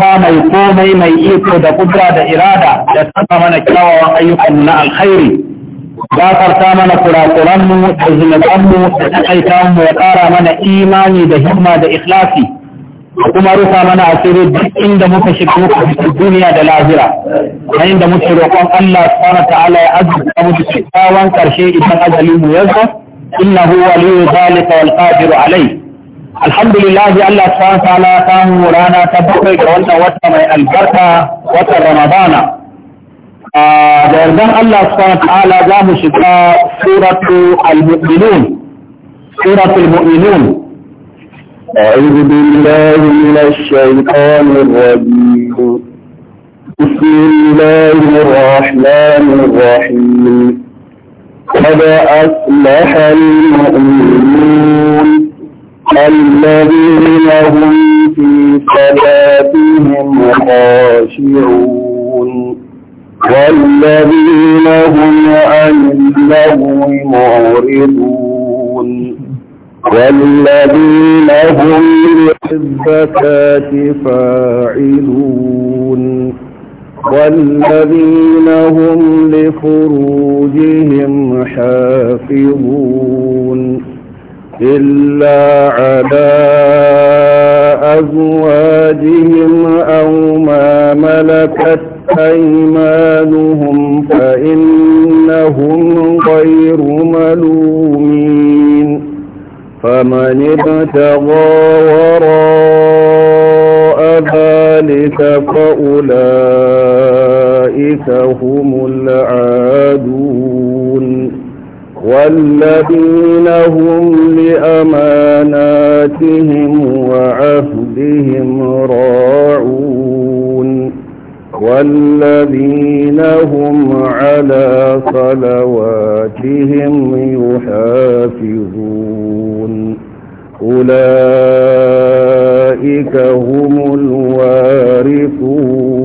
ba mai komai mai iko da kudura da irada da saka mana kyawawan ayyukan na alkhairi gafarta mana kurakuranmu da zunubanmu da takaitanmu ya ƙara mana imani da himma da ikhlasi kuma rufa mana asiri duk inda muka shiga muka fita duniya da lahira ta inda muke roƙon Allah subhanahu ta'ala ya azurta mu da kyakkyawan karshe idan ajalin mu ya zo innahu waliyyu zalika wal qadiru alayh الحمد لله الله سبحانه وتعالى كان مولانا تبوكي كوانتا وطن البركة وطن رمضان جاردان الله سبحانه وتعالى جام شكا سورة المؤمنون سورة المؤمنون أعوذ بالله من الشيطان الرجيم بسم الله الرحمن الرحيم قد أصلح المؤمنون الذين هم في صلاتهم خاشعون والذين هم عن اللغو معرضون والذين هم للزكاة فاعلون والذين هم لفروجهم حافظون إلا على أزواجهم أو ما ملكت أيمانهم فإنهم غير ملومين فمن ابتغى وراء ذلك فأولئك هم العادون والذين هم لأماناتهم وعهدهم راعون والذين هم على صلواتهم يحافظون أولئك هم الوارثون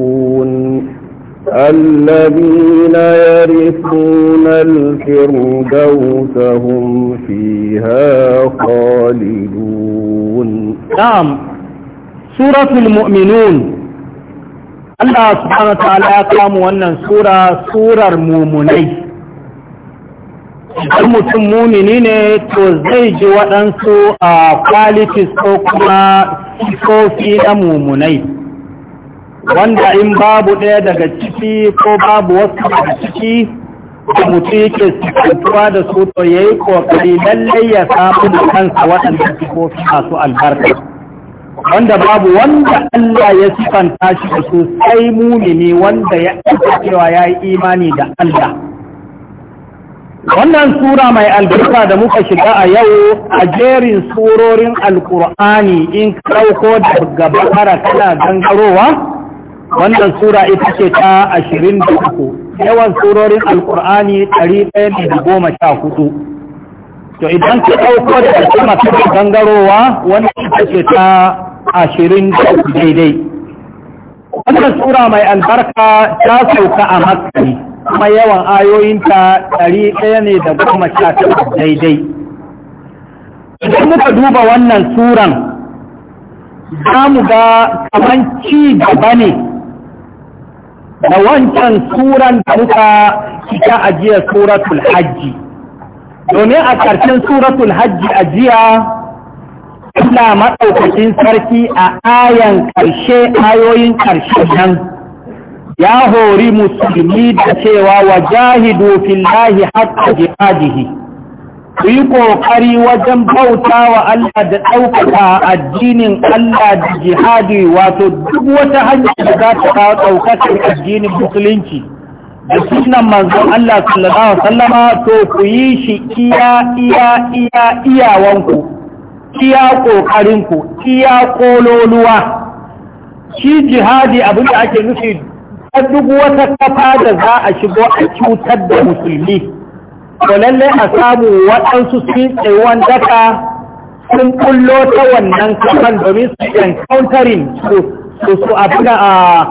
الذين يرثون الفردوس هم فيها خالدون نعم سورة المؤمنون الله سبحانه وتعالى قام wannan sura surar mumunai idan mutum mumini ne to zai ji waɗansu a kwalitis ko kuma sifofi na mumunai wanda in babu ɗaya daga ciki ko babu wasu daga ciki da mutu yake cikantuwa da su to ya yi ƙoƙari lallai ya samu da kansa waɗanda su masu albarka wanda babu wanda Allah ya sifanta shi da su sai mumini wanda ya ɗauka cewa ya yi imani da Allah wannan sura mai albarka da muka shiga a yau a jerin surorin alkur'ani in kauko daga bakara kana gangarowa wannan sura ita ce ta ashirin da uku yawan surorin alkur'ani ɗari ɗaya ne da goma sha hudu to idan ka ɗauko da ƙarshe masu gangarowa wannan ita ce ta ashirin da uku daidai wannan sura mai albarka ta sauka a makari kuma yawan ayoyinta ɗari ɗaya ne da goma sha takwas daidai idan muka duba wannan suran za mu ga kaman ci gaba ne da wancan suran da muka cika ajiyar suratul hajji domin a ƙarshen suratul hajji ajiya suna maɗaukacin sarki a ayan ƙarshe ayoyin ƙarshe nan ya hori musulmi da cewa wa jahidu fillahi haqqa jihadihi ku yi ƙoƙari wajen bauta wa Allah da ɗaukaka addinin Allah da jihadi wato duk wata hanya da za ta kawo ɗaukakar addinin musulunci da sunan manzon Allah sallallahu wasallam to ku yi shi iya iya iya iyawanku iya ƙoƙarinku iya ƙololuwa shi jihadi abu da ake nufi duk wata kafa da za a shigo a cutar da musulmi to lalle a samu waɗansu sun wanda daka sun kullo ta wannan kafan domin su encountering su su su abin a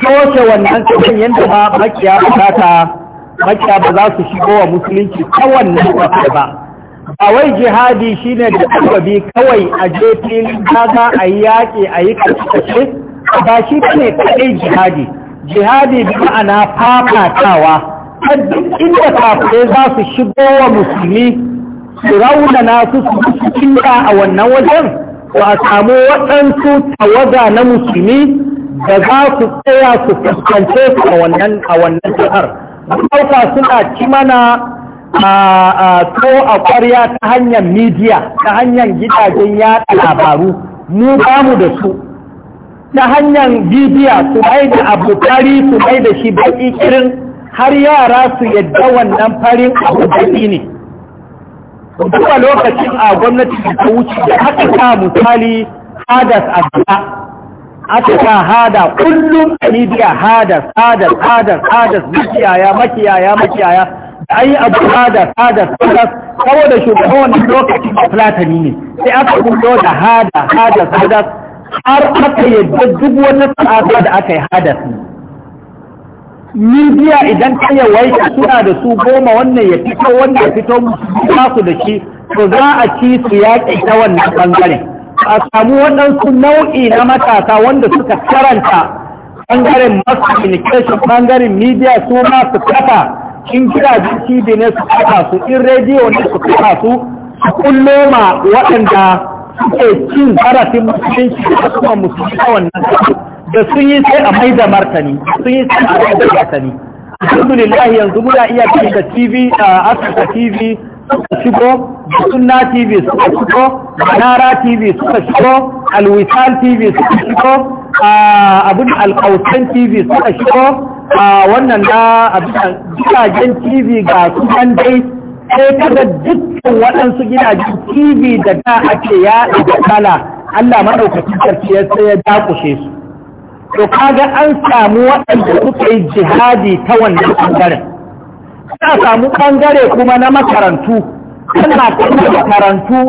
toshe wannan kafin yadda ba makiya ba makiya ba za su shigo wa musulunci ta wannan kafin ba a wai jihadi shine da tabbabi kawai a je filin daga a yi yaƙi a yi kashe ba shi ne kaɗai jihadi jihadi bi ma'ana fafatawa a inda kafirai za su shigo wa musulmi su raunana su su cinta a wannan wajen ba a samu waɗansu tawaga na musulmi da za su tsaya su fuskance su a wannan a wannan jihar ɗauka suna ci mana a to a ƙwarya ta hanyar midiya ta hanyar gidajen yaɗa labaru mu ba mu da su ta hanyar bidiya su mai da abokari su mai da shi baƙi kirin har yara su yadda wannan farin abu daɗi ne duka lokacin a gwamnati da ta wuce da aka sa misali hadas a gaba aka sa hada kullum a libya hadas hadas hadas hadas makiyaya makiyaya makiyaya da ayi abu hadas hadas hadas saboda shugaban wannan lokacin da platani ne sai aka kullo da hada hadas hadas har aka yadda duk wata sa'ada da aka yi hadas ne midiya idan ta yawaita suna da su goma wannan ya fito wannan ya fito ba su da shi to za a ci su yaƙi ta wannan bangare a samu waɗansu nau'i na matasa wanda suka karanta bangaren mass communication bangaren media su ma su kafa in gidajen tv ne su kafa su in rediyo ne su kafa su su waɗanda suke cin zarafin musulunci da kuma musulunci a wannan da sun yi sai a mai da martani sun yi sai a mai da martani alhamdulillah yanzu muna iya cin da tv a afirka tv suka shigo sunna tv suka shigo manara tv suka shigo Alwital tv suka shigo abin alkautan tv suka shigo wannan na abin jiragen tv ga su dai sai da dukkan waɗansu gidaje tv da da ake yaɗa da kala Allah maɗaukacin sarki ya sai ya dakushe su to kaga an samu waɗanda suka yi jihadi ta wannan ɓangaren ana samu ɓangare kuma na makarantu ana kuma makarantu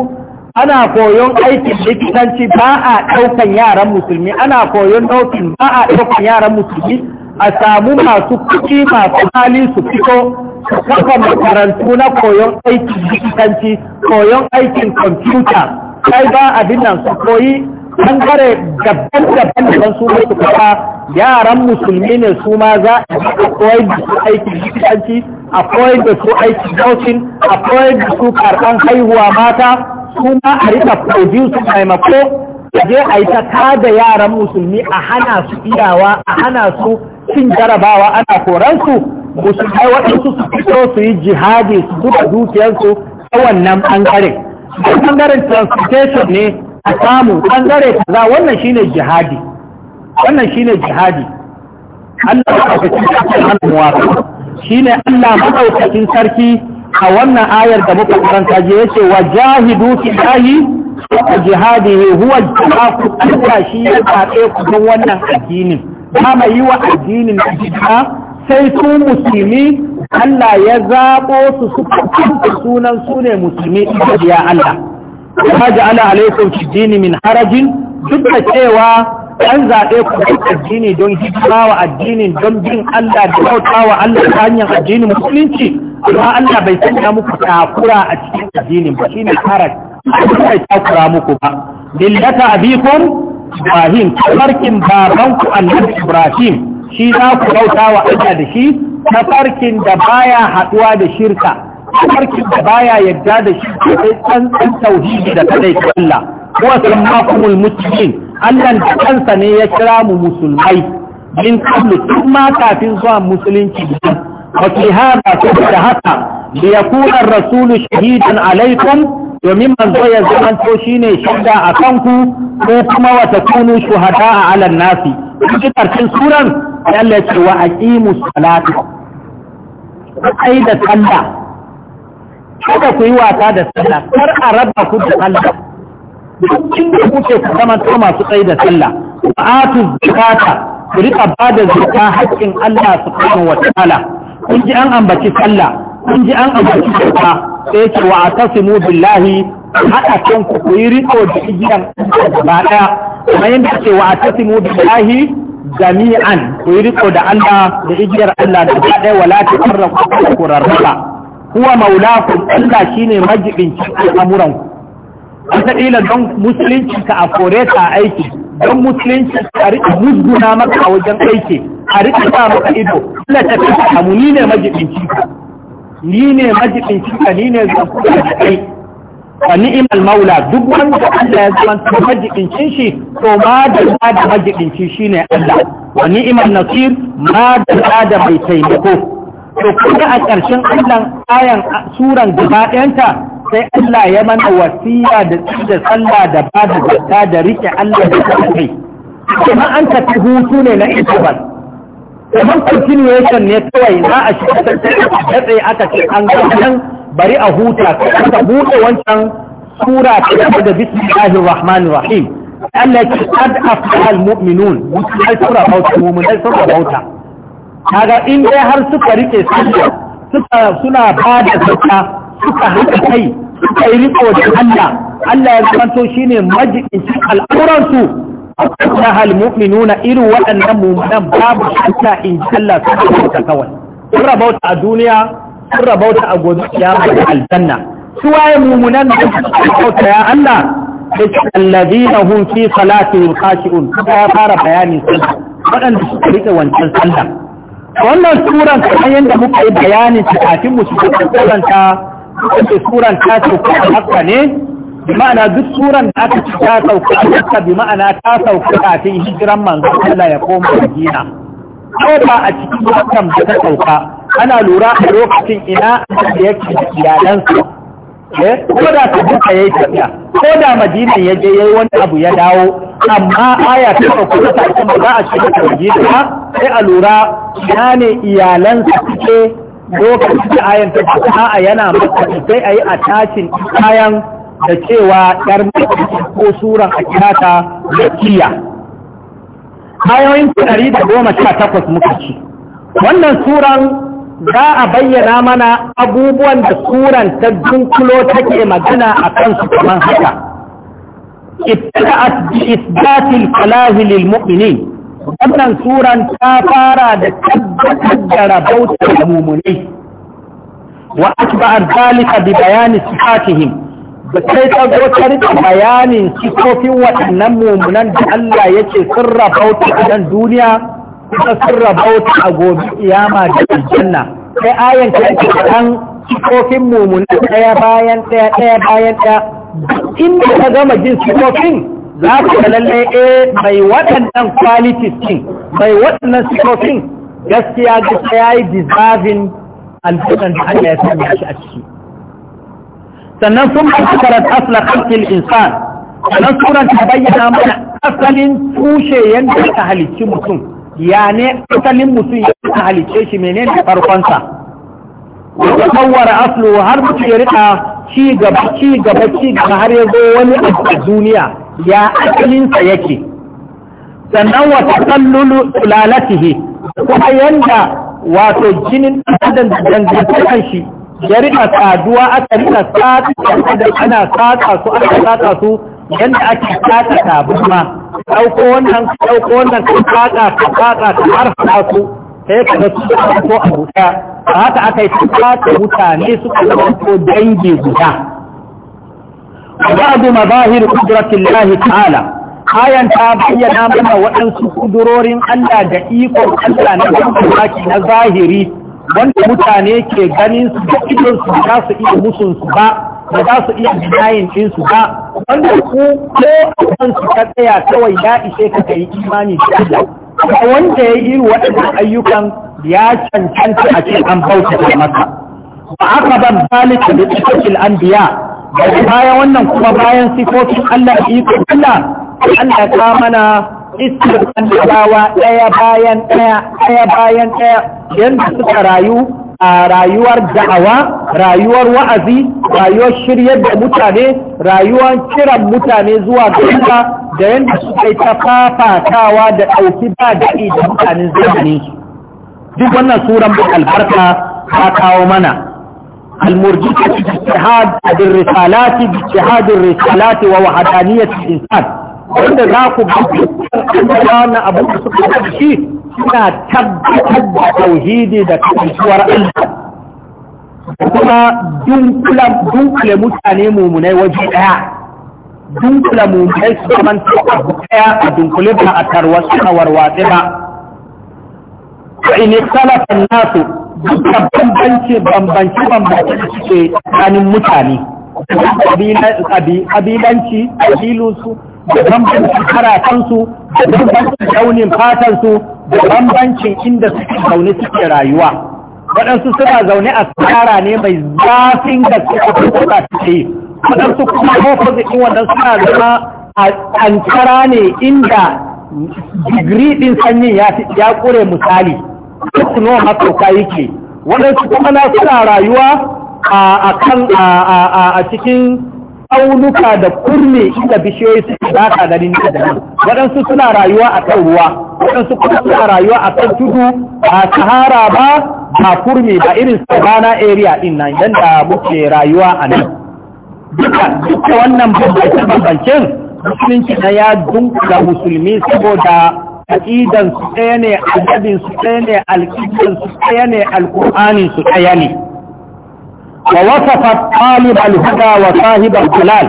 ana koyon aikin likitanci ba a ɗaukan yaran musulmi ana koyon ɗaukin ba a ɗaukan yaran musulmi a samu masu kuki masu hali su fito kafa makarantu na koyon aikin jikitanci koyon aikin kwamfuta kai ba abin nan su koyi bangare daban daban daban su su kafa yaran musulmi ne su ma za a koyar da su aikin jikitanci a koyar da su aikin daukin a koyar da su karɓan haihuwa mata su ma a rika produce maimako je a yi ta kada yaran musulmi a hana su iyawa a hana su cin jarabawa ana koransu kai waɗansu su fito su yi jihadi su duka dukiyarsu ta wannan ɓangare ɓangaren transportation ne a samu ɓangare kaza wannan shine jihadi wannan shine jihadi Allah maɗaukakin sarki Shi ne Allah maɗaukakin sarki a wannan ayar da muka karanta je ce wa jahidu a jihadi ne huwa jama'a ku Allah shi ya zaɓe kuma wannan addinin ba ma yi wa addinin bid'a sai su musulmi Allah ya zaɓo su su kuma sunan su ne musulmi ya Allah ya ala alaikum fi dini min harajin duk da cewa an zaɓe ku da addini don hidima wa addinin don bin Allah da bauta wa Allah ta hanyar addinin musulunci amma Allah bai sanya muku takura a cikin addinin ba shine haraj ba takura muku ba Lillata, abikum Ibrahim tafarkin babanku annabi Ibrahim shi za ku bauta wa Allah da shi tafarkin da baya haɗuwa da shirka farkin da baya yadda da shi sai tsantsan tauhidi da kadai Allah wa sammakumul muslimin Allah da kansa ne ya kira mu musulmai min qablu tun kafin zuwa musulunci wa fi hada da haka li rasulu shahidan alaikum domin manzo ya zamanto shine shaida a kanku ko kuma wata takunu shuhada a alan nasi cikin karshen suran ya Allah ya ce wa aqimu kai da sallah kada ku yi wata da sallah kar a raba ku da sallah dukkan da kuke ku to masu tsayi da sallah wa atu zakata ku rika bada zakka haƙƙin Allah subhanahu wa ta'ala kun ji an ambaci sallah kun ji an ambaci kyauta sai ce wa atasimu billahi haɗa kan ku ku yi riko da igiyan gaba ɗaya kuma yadda ce wa atasimu billahi jami'an ku yi riko da Allah da igiyar Allah da gaba ɗaya wala ta farraku ku ba huwa maulakum Allah shine a al'amuran ku wata ila don musulunci ka a kore ta aiki don musulunci ka riƙa musguna maka a wajen aiki a riƙa sa maka ido Allah ta ni ne majibinci ka ni ne majibin cika ni ne zan kuka da kai a ni'imar maula duk wanda Allah ya zama ta majibin shi to ma da za da majibin shi ne Allah a ni'imar nasir ma da da mai taimako to kuma a ƙarshen allon ayan suran gaba ɗayanta sai Allah ya mana wasiya da tsida sallah da ba da zata da rike Allah da kai kuma an tafi hutu ne na interval kamar continuation ne kawai za a shiga tattalin aka ce an gaban bari a huta ka buɗe wancan sura ta da bismillahir rahman rahim Allah ya qad aflahal mu'minun musulmai sura bauta mu'minai sura bauta kaga in dai har suka rike sunna suka suna ba da zakka suka haɗa kai suka yi riko da Allah Allah ya zanto shine majikin al'auransu nahal mu'minuna irin waɗannan mu'minan babu shakka in Allah su ta kawai sun rabauta a duniya sun rabauta a gobe ya ba aljanna su waye mu'minan da su rabauta ya Allah alladhina hum fi salatihim khashi'un ta fara bayani sun waɗanda su rike wancan sallah wannan suran kamar yadda muka yi bayanin cikakin mu su karanta suran ta ce ko haka ne bi ma'ana duk turan da aka ci ta sauka a yadda bi ma'ana ta sauka kafin hijiran manzon Allah ya koma Madina ko ba a cikin hakan da ta sauka ana lura a lokacin ina da yake iyalansa eh, ko da ta duka yayi tafiya ko da Madina ya je yayi wani abu ya dawo amma aya ta sauka ta kuma ba a cikin Madina sai a lura ina ne iyalansa suke lokacin da ayan ta a yana maka sai a yi a tashin kayan da cewa yar ko suran a kira ta makiya ayoyin ɗari da goma sha takwas muka ci wannan suran za a bayyana mana abubuwan da suran ta dunkulo take magana a kansu kamar haka ابتدأت بإثبات الفلاح للمؤمنين wannan suran ta fara da tabbatar da rabautar mumunai wa asba'ar zalika bi bayani sifatihim da kai ta bayanin sifofin waɗannan mummunan da Allah yake sun rabauta a ɗan duniya kusa sun rabauta a gobe iyama da aljanna sai ayan ta yake kan sifofin mummunan ɗaya bayan ɗaya ɗaya bayan ɗaya inda ka gama jin sifofin za ku da lalle eh mai waɗannan qualities ɗin mai waɗannan sifofin gaskiya gaskiya yayi dizabin deserving aljannan da Allah ya sanya a ciki sannan sun karar asla khalqil insan sannan suran ta bayyana mana asalin tushe yadda ta halicci mutum ya ne asalin mutum ya ta halicce shi menene farkonsa wata tsawara aslu har mutum ya rika ci gaba ci gaba ci gaba har ya zo wani a duniya ya asalinsa yake sannan wata kallon tulalatihi kuma yanda wato jinin ɗan adam da dangantakan shi jarida saduwa aka nuna sata da ana sata su aka sata su yadda ake sata tabin ma ɗauko wannan ɗauko wannan ka sata ka harfa su ta yi kada su ko a wuta a haka aka yi ta sata mutane su ka zama ko dangi guda ba'adu mazahir kudratin lahi ta'ala kayan ta bayyana mana waɗansu kudurorin Allah da ikon Allah na zahiri wanda mutane ke ganin su da idon su ba su iya musun su ba ba za su iya denying din su ba wanda ku ko kan su ka tsaya kawai ya ishe ka kai imani da Allah wanda ya yi waɗannan ayyukan ya cancanta a cikin an bauta masa ba aka ban balika da cikin anbiya bayan wannan kuma bayan sifofin Allah iko Allah Allah ta mana iskar annabawa ɗaya bayan ɗaya ɗaya bayan ɗaya yadda suka rayu a rayuwar da'awa rayuwar wa'azi rayuwar shiryar da mutane rayuwar kiran mutane zuwa ga da yanda suka yi ta fafatawa da ɗauki ba daɗi da mutanen zamani duk wannan suran bin albarka ta kawo mana المرجئة باجتهاد بالرسالات باجتهاد الرسالات ووحدانية الإنسان wanda za ku wannan abu da suka da suna tabbatar da tauhidi da kasantuwar Allah kuma dunkule mutane mummunai waje ɗaya. dunkule mummunai su kaman abu daya a dunkule ba a tarwasu a warwatsi ba wa in salafan nasu duka bambance bambance bambance da suke tsakanin mutane kabilanci kabilunsu da bambancin karatansu da bambancin launin fatansu da bambancin inda suke zaune suke rayuwa waɗansu suna zaune a tsara ne mai zafin da suke kuka suke waɗansu kuma opposite wannan suna zama a kankara ne inda digiri ɗin sanyin ya ƙure misali duk no makoka yake waɗansu kuma na suna rayuwa a cikin tsaunuka da kurne inda bishiyoyi suke ba ka ganin da nan waɗansu suna rayuwa a kan ruwa waɗansu kuma suna rayuwa a kan tudu ba sahara ba ba kurne ba irin savannah area din nan da muke rayuwa a nan duka duka wannan bambance bambancin musulunci na ya dunkula musulmi saboda aqidan su ɗaya ne su ɗaya ne alƙidan su ɗaya ne alƙur'anin su ɗaya ne wa wasafat talib al-huda wa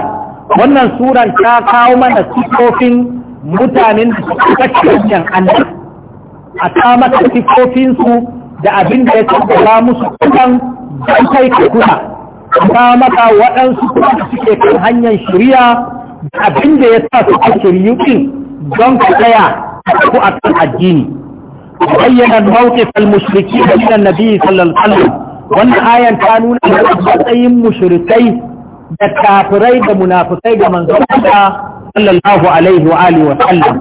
wannan suran ta kawo mana sifofin mutanen da suka kashe annabi a ta maka sifofin da abin da ya tabbata musu kudan don kai ka kula ta maka waɗansu kuma da suke kan hanyar shirya da abin da ya sa su a shiryu don ka tsaya ko a kan addini bayyana mawqif al da annabi sallallahu alaihi wannan ayan ta nuna da matsayin mushrikai da kafirai da munafikai da manzon Allah sallallahu alaihi wa alihi wa sallam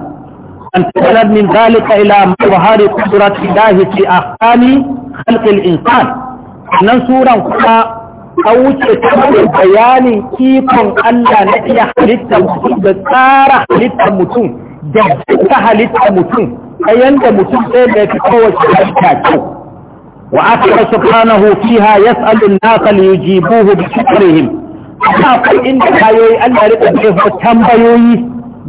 an tabalar min zalika ila mawhari qudrat ilahi fi ahkami khalq al-insan nan suran kuma ta wuce ta bayanin ikon Allah na iya halitta mutum da tsara halitta mutum da ta halitta mutum ta yanda mutum sai da ya fi kowace halitta kyau وأخر سبحانه فيها يسأل الناس ليجيبوه بشكرهم akwai inda kayoyi Allah rika jefa tambayoyi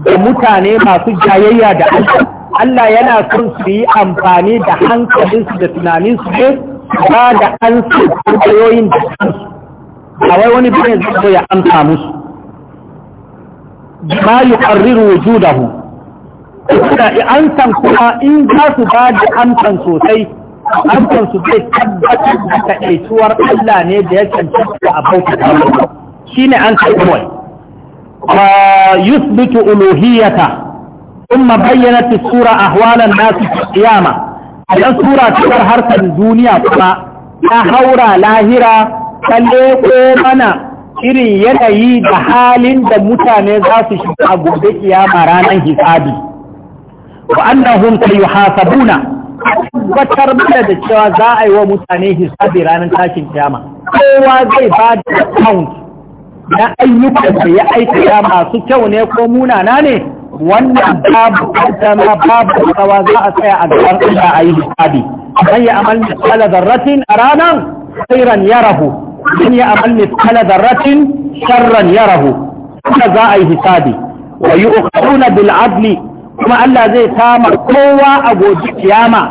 da mutaane masu jayayya da Allah Allah yana son su yi amfani da hankalinsu da tunaninsu ne ba da an su tambayoyin wani in za sosai harkar su zai tabbatar da kaɗaituwar Allah ne da ya cancanta a bauta ta shi ne an kai kawai wa yusbitu uluhiyata ثم بينت السورة أحوال الناس في القيامة idan sura ta harkar duniya kuma ta haura lahira ta leko mana irin yanayi da halin da mutane za su shiga a gobe kiyama ranar hisabi wa annahum yuhasabuna tabbatar mana da cewa za a yi wa mutane hisabi ranar tashin kiyama kowa zai ba da account na ayyukan da ya aikata masu kyau ne ko munana ne wannan babu kantama babu kawa za a tsaya a gaban Allah a yi hisabi man ya amal misala zarratin a ranar khairan yarahu man ya amal misala zarratin sharran yarahu kuma za a yi hisabi wa yu'khaduna bil adli kuma Allah zai kama kowa a goji kiyama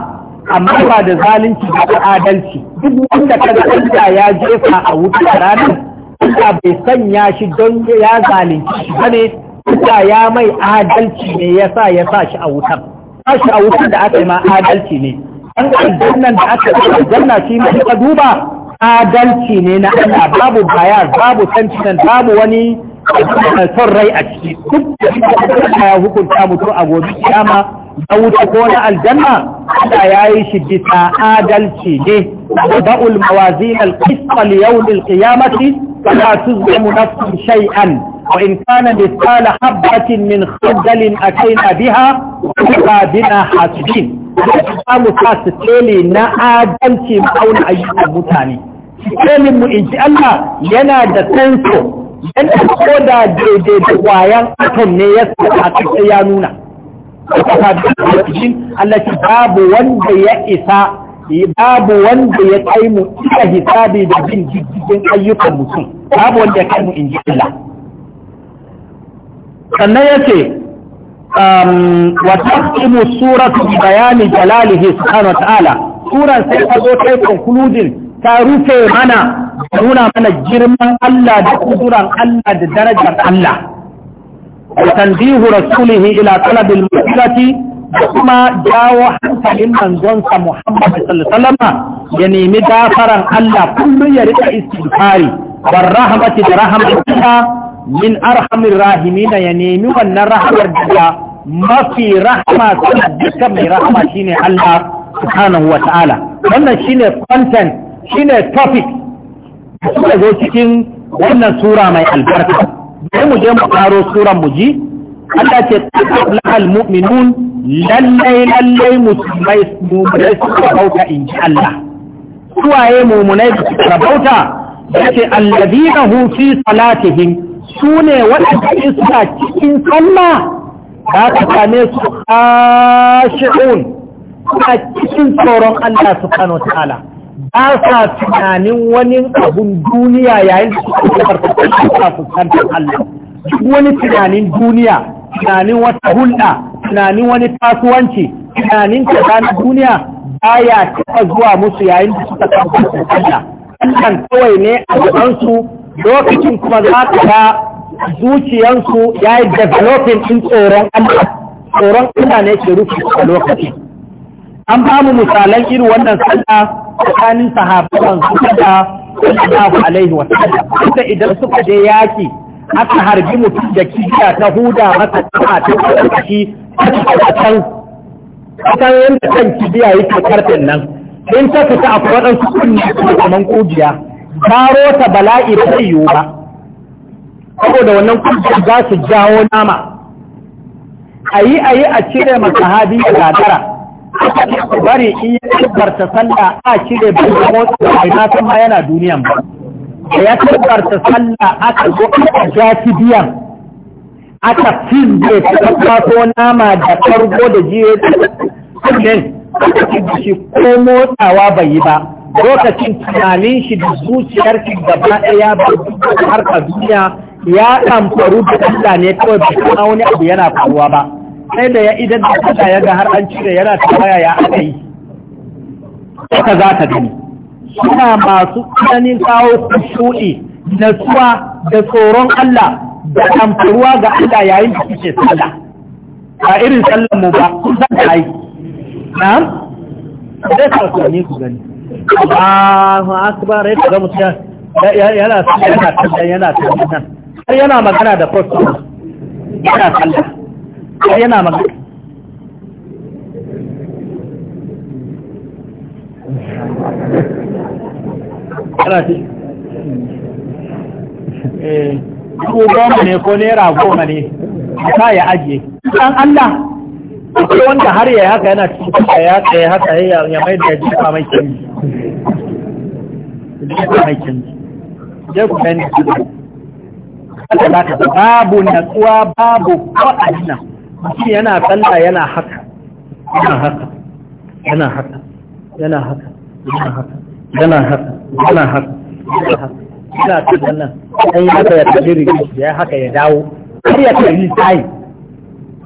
amma ba da zalunci da adalci duk wanda kaga Allah ya jefa a wuta ranar Allah bai sanya shi don ya zalunci shi bane Allah ya mai adalci ne ya sa ya sa shi a wuta sa shi a wutar da aka yi ma adalci ne an aljannan da aka yi aljanna shi ne duba adalci ne na Allah babu bayar babu tantinan babu wani son rai a ciki duk da ya hukunta mutum a gobe kiyama na ko na aljanna Allah ya yi shi bisa adalci ne Ba'ul mawazin iskal qisqa li yawm al-qiyamati fala tuzlamu nafsun shay'an wa in kana mithqala habatin min khardalin na biha wa bina hasibin mu fasu tele na adalci mu auna ayyukan mutane Sikemin mu in ji Allah yana da senso yanda ko da daidai da kwayan atom ne ya saka sai ya nuna Allah ce babu wanda ya isa babu wanda ya kai mu ita hisabi da bin jijjigin ayyukan mutum babu wanda ya kai mu in ji Allah sannan ya ce um, wa tasimu suratu bayani jalalihi subhanahu wa ta'ala suran sai ta zo ta yi ta rufe mana da nuna mana girman Allah da kuduran Allah da darajar Allah da tanzihu rasulihi ila talabil mu'izati da kuma jawo hankalin manzonsa Muhammad sallallahu alaihi ya nemi gafaran Allah kullum ya rika istighfari war rahmati da rahmatika min arhamir rahimina ya nemi wannan rahmar da mafi rahma dukkan mai rahma shine Allah subhanahu wa ta'ala wannan shine content shine topic da suka zo cikin wannan sura mai albarka bari mu je mu karo suran mu ji Allah ce lahal mu'minun lallai lallai musulmai mu'minai suka bauta in ji Allah suwaye mu'minai da suka bauta yace alladina hu fi salatihim sune waɗanda suna cikin sallah ba ka same su khashi'un suna cikin tsoron Allah subhanahu wa ta'ala ba sa tunanin wani abun duniya yayin da suka yi farfasar suka fuskantar Allah duk wani tunanin duniya tunanin wata hulɗa tunanin wani kasuwanci tunanin ta duniya duniya ya taɓa zuwa musu yayin da suka kan Allah Allah kawai ne a gabansu lokacin kuma za ka ga zuciyansu ya yi developing ɗin tsoron Allah tsoron Allah ne ke rufe a lokacin an ba mu misalan irin wannan sallah tsakanin sahabban su da sallallahu alaihi wa sallam kuma idan suka je yaki aka harbi mutum da kibiya ta huda masa ta ta kashi a can kan yanda kan kibiya yake karfin nan in ta fita akwai waɗansu kunne kuma kaman kujiya karo ta bala'i ba zai yiwu ba saboda wannan kujiya za su jawo nama a yi a yi a cire masahabi hadi da gadara bari in ya ta sallah a cire bai motsa da na san ma yana duniyan ba a ya tabbarta sallah aka zo a ja biyan aka fizge ta ko nama da farko da jiye sannan aka shi ko motsawa bai yi ba lokacin tunanin shi da zuciyar shi gaba ɗaya ba harka duniya ya ɗamfaru da Allah ne kawai ba wani abu yana faruwa ba sai da ya idan da kada ya ga har an cire yana ta tawaya ya aka yi haka za ta gani suna masu tsananin kawo na suwa da tsoron Allah da amfaruwa ga Allah yayin da suke sallah ba irin sallan mu ba kun san da ai na'am sai ka ne ku gani Allahu akbar ya ga mutum yana sallah yana sallah yana sallah yana magana da kwastomer yana sallah yana magana ko eh, goma ne ko naira goma ne ta ya ajiye dan Allah akwai wanda har ya haka yana cikin ya tsaye haka ya mai da jifa mai canji jifa mai canji je ku gani Allah za ka babu natsuwa babu ko adina mutum yana tsalla yana haka yana haka yana haka yana haka yana haka yana haka yana haka yana haka yana haka nan an yi haka ya yana haka ya haka haka yana har yana haka yana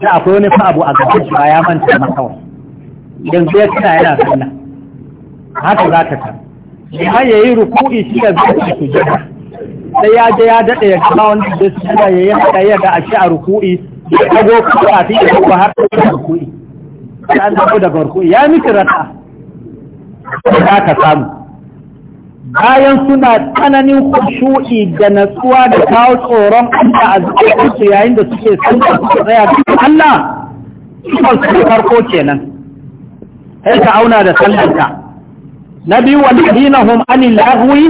da akwai wani yana haka a haka yana ya manta haka yana yanzu ya haka yana yana haka za ta yana haka yana haka yana haka da zai yana haka sai ya je ya daɗe haka yana haka yana haka yana haka yana haka ya ga ashe a ruku'i. ya ko a sai ko kuma har da rukui an dago daga rukui ya miki rata za ka samu bayan suna tsananin kushu'i da natsuwa da kawo tsoron Allah a zuciyarsu yayin da suke san da suke tsaya da Allah sifar su farko kenan sai ka auna da sallanka na biyu walladina hum anil lahwi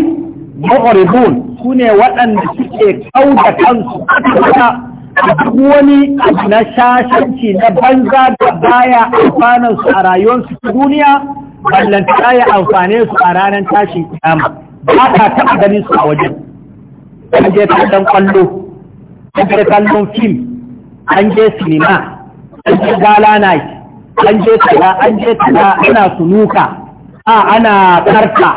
mu'ridun sune waɗanda suke kauda kansu kaka duk wani abu na shashanci na banza da baya amfanin su a rayuwarsu ta duniya ballanta ya amfane su a ranar tashi kiyama ba ka taɓa ganin su a wajen an je kallon kwallo an je kallon fim an je sinima an je gala night an je kaza an je kaza ana sunuka a ana karta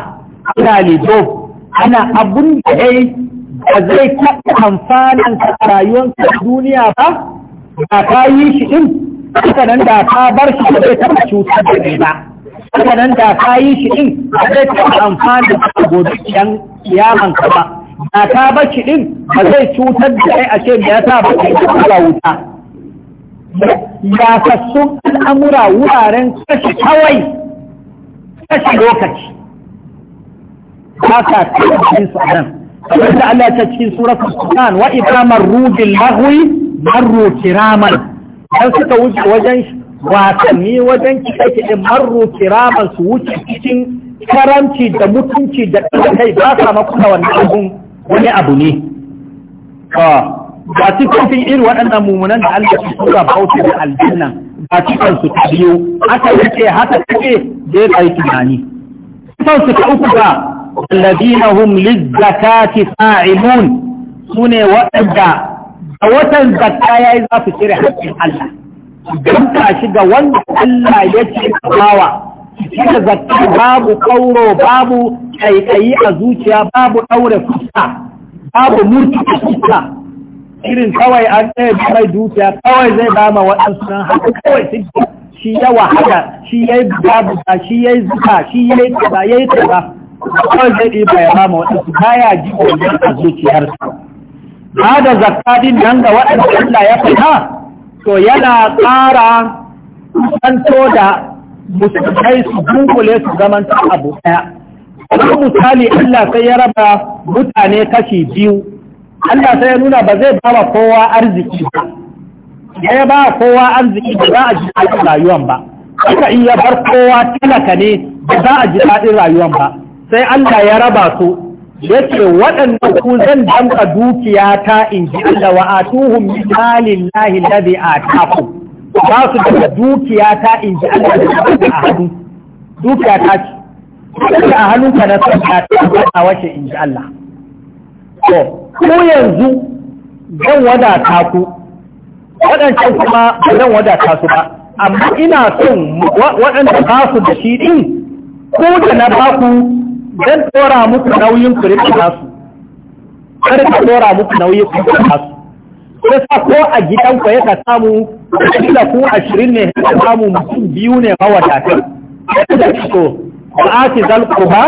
ana lido ana abun da ya ba zai taɓa amfanin ka rayuwanka duniya ba da ka yi shi din haka nan da ka bar shi ba zai taɓa cutar da kai ba haka da ka yi shi ɗin zai taɓa amfanin a gobe yan ka ba da ka bar shi din, ba zai cutar da kai a ce me yasa ba kai da wuta ya al'amura wuraren kashi kawai kashi lokaci ba ka taɓa su a nan kamar da Allah ta cikin suratul Qur'an wa ikamar rubil lahwi marru kiraman dan suka wuce wajen wasanni wajen kike marru kiraman su wuce cikin karamci da mutunci da kai ba sa makuna wannan abun wani abu ne ba kafin irin waɗannan mummunan da Allah ya tura bauta da aljanna ba kan su ta biyu haka yake haka take da ya tunani cikin su ta uku ba alladina hum lizzakati fa'ilun sune waɗanda a watan zakka yayi za su cire haƙƙin Allah don ta ga wanda Allah ya ce bawa cire zakka babu kauro babu kaikayi a zuciya babu ɗaure fuska babu murtuka fuska irin kawai an tsaye bai dukiya kawai zai ba ma waɗansu nan haka kawai sun shi ya wahala shi ya yi babu shi ya yi zuka shi ya yi kaza ya yi kaza kawai zai ɗi ya ba ma waɗansu baya ji wannan a zuciyarsa ba da zakadin nan ga waɗanda Allah ya fita to yana ƙara kusanto da musulmai su dunkule su zaman ta abu ɗaya wani misali Allah sai ya raba mutane kashi biyu Allah sai ya nuna ba zai ba kowa arziki ba ya ba kowa arziki ba za a ji daɗin rayuwan ba haka in ya bar kowa talaka ne ba za a ji daɗin rayuwan ba sai Allah ya raba su ce waɗannan ku zan damka dukiya ta in ji Allah wa atuhum lahi malillahi a ataku ba su da dukiya ta in ji Allah da a hannu dukiya ta ce a ka na sauka ta a wace in ji Allah to ko yanzu zan wadata ku waɗancan kuma zan wadata su ba amma ina son waɗanda ba su da shi ɗin ko da na ba ku dan tsora muku nauyin ku rike nasu kar ka tsora muku nauyi ku rike nasu sai sa ko a gidan ku ya ka samu kila ku ashirin ne ka samu mutum biyu ne mawadatan da so ci zal ba?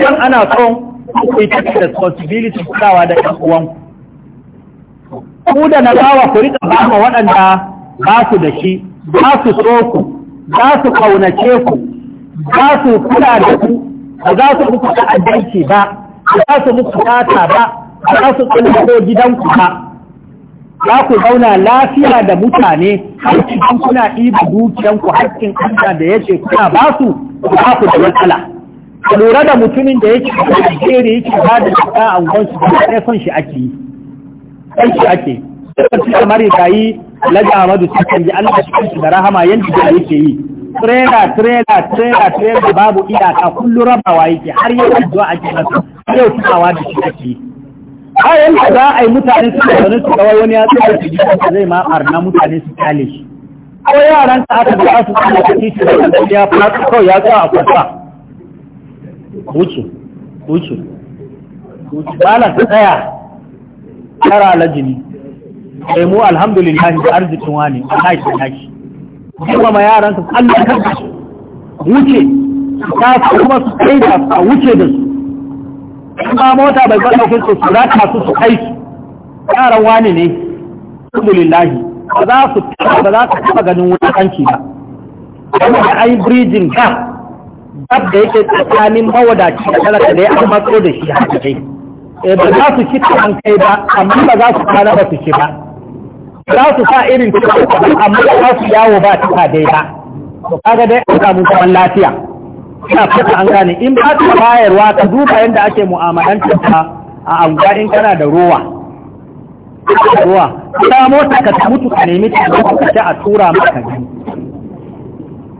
dan ana son ku yi take responsibility kawa da ɗan uwan ku da na bawa ku rike ba waɗanda ba su da shi ba su so ku za su kaunace ku za su kula da ku ba za su muku ta'addanci ba ba za su muku tata ba ba za su ko gidanku ba za ku zauna lafiya da mutane har idan kuna ibi dukiyanku haƙƙin Allah da yake kuna ba su ba ku da matsala ka lura da mutumin da yake da Najeriya yake ba da shiga a wajen shi ba sai son shi ake yi son shi ake sai kamar yayi Alhaji Ahmadu sai kan ji Allah shi da rahama yanda da yake yi trailer trailer trailer trailer babu iyaka kullu rabawa yake har yau addu'a ake masa yau tunawa da shi ake bayan da za a yi mutane su da su kawai wani ya tsaye su ji zai ma arna mutane su kyale shi ko yaran ka aka da su kuma ta titi da ya fara kawai ya tsaya a kwasa wuce wuce wuce bala ta tsaya tara lajini sai eh, mu alhamdulillah da arzikin wani a haƙi haƙi girma ma yaran su Allah kan su wuce ta kuma su kai da a wuce da su in ba mota bai bar dauke su su rata su su kai su yaran wani ne alhamdulillah ba za su ba za su taba ganin kanki ba kuma da ai bridging gap gap da yake tsakanin mawadaci da talaka da ya an tso da shi haka kai eh, ba za su ci an kai ba amma ba za su kana ba su ci ba za su sa irin tufafi amma za su yawo ba ta dai ba to kaga dai an samu zaman lafiya ina fata an gane in ba ta bayarwa ka duba yadda ake mu'amalanta ta a anguwa in kana da ruwa ruwa ta mota ka ta mutu ka nemi ta da ka ta a tura maka gani.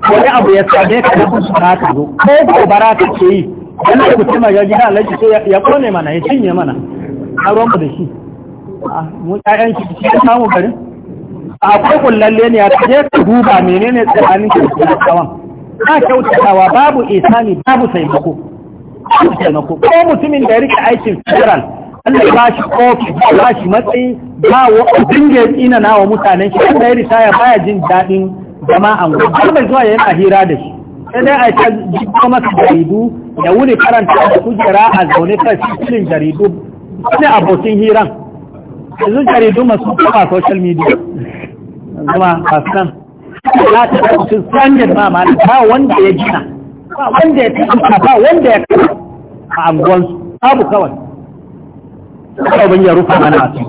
wani abu ya same ka da kusa ka ta zo ko gobara ka ce yi wani mutum ya gina alaji sai ya kone mana ya cinye mana a ruwan da shi mun ƴaƴan ki ki samu garin akwai kullalle ne a je ka duba menene tsakanin ki da tsawon? ba kyautatawa babu isani babu taimako babu taimako ko mutumin da ya rike aikin federal Allah ya bashi kofi ba bashi matsayi ba wa dinga tsina nawa mutanen shi Allah ya ritaya baya jin daɗin zama an gobe bai zuwa yana hira da shi sai dai a ta jiko masa jaridu da wuri karanta da kujera a zaune kan cikin jaridu ne abokin hiran yanzu jaridu masu kuma social media zama kasan za ta cikin standard ma ma ba wanda ya gina ba wanda ya kama ba wanda ya kama a anguwansu babu kawai kawai ban ya rufa mana su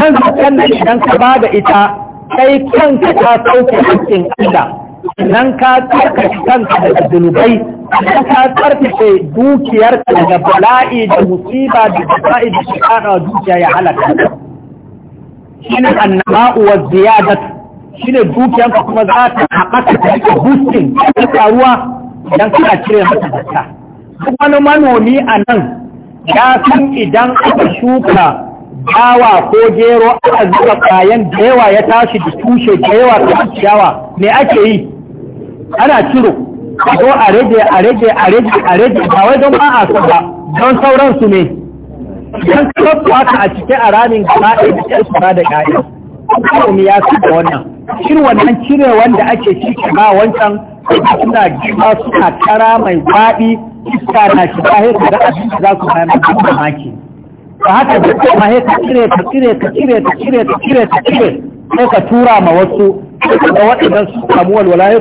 kan kasan nan idan ka ba da ita kai kanka ka sauke hakkin Allah idan ka tsarkake kanka daga zunubai idan ka tsarkake dukiyarka daga bala'i da musiba da bala'i da shi dukiya ya halaka shine annaba'u wa ziyadat shine dukiyanka kuma za ta haɓaka ta rike boosting ta karuwa idan kana cire mata zakka duk wani manomi a nan ya san idan aka shuka dawa ko gero aka zuba kayan da yawa ya tashi da tushe da yawa ta ciyawa me ake yi ana ciro ko a rage a rage a rage a rage ba wai don ba a so ba don sauran su ne idan kafa a cike a ramin gaba ɗaya da ƙyar fara da ƙayan kuma ya fi da wannan shin wannan cire wanda ake cike ba wancan suna gina suna kara mai faɗi iska na shi ba da abin da za su bayan da mamaki ba haka da kuma ka cire ka cire ka cire ka cire ka cire ka cire sai ka tura ma wasu da waɗannan su samu walwala ya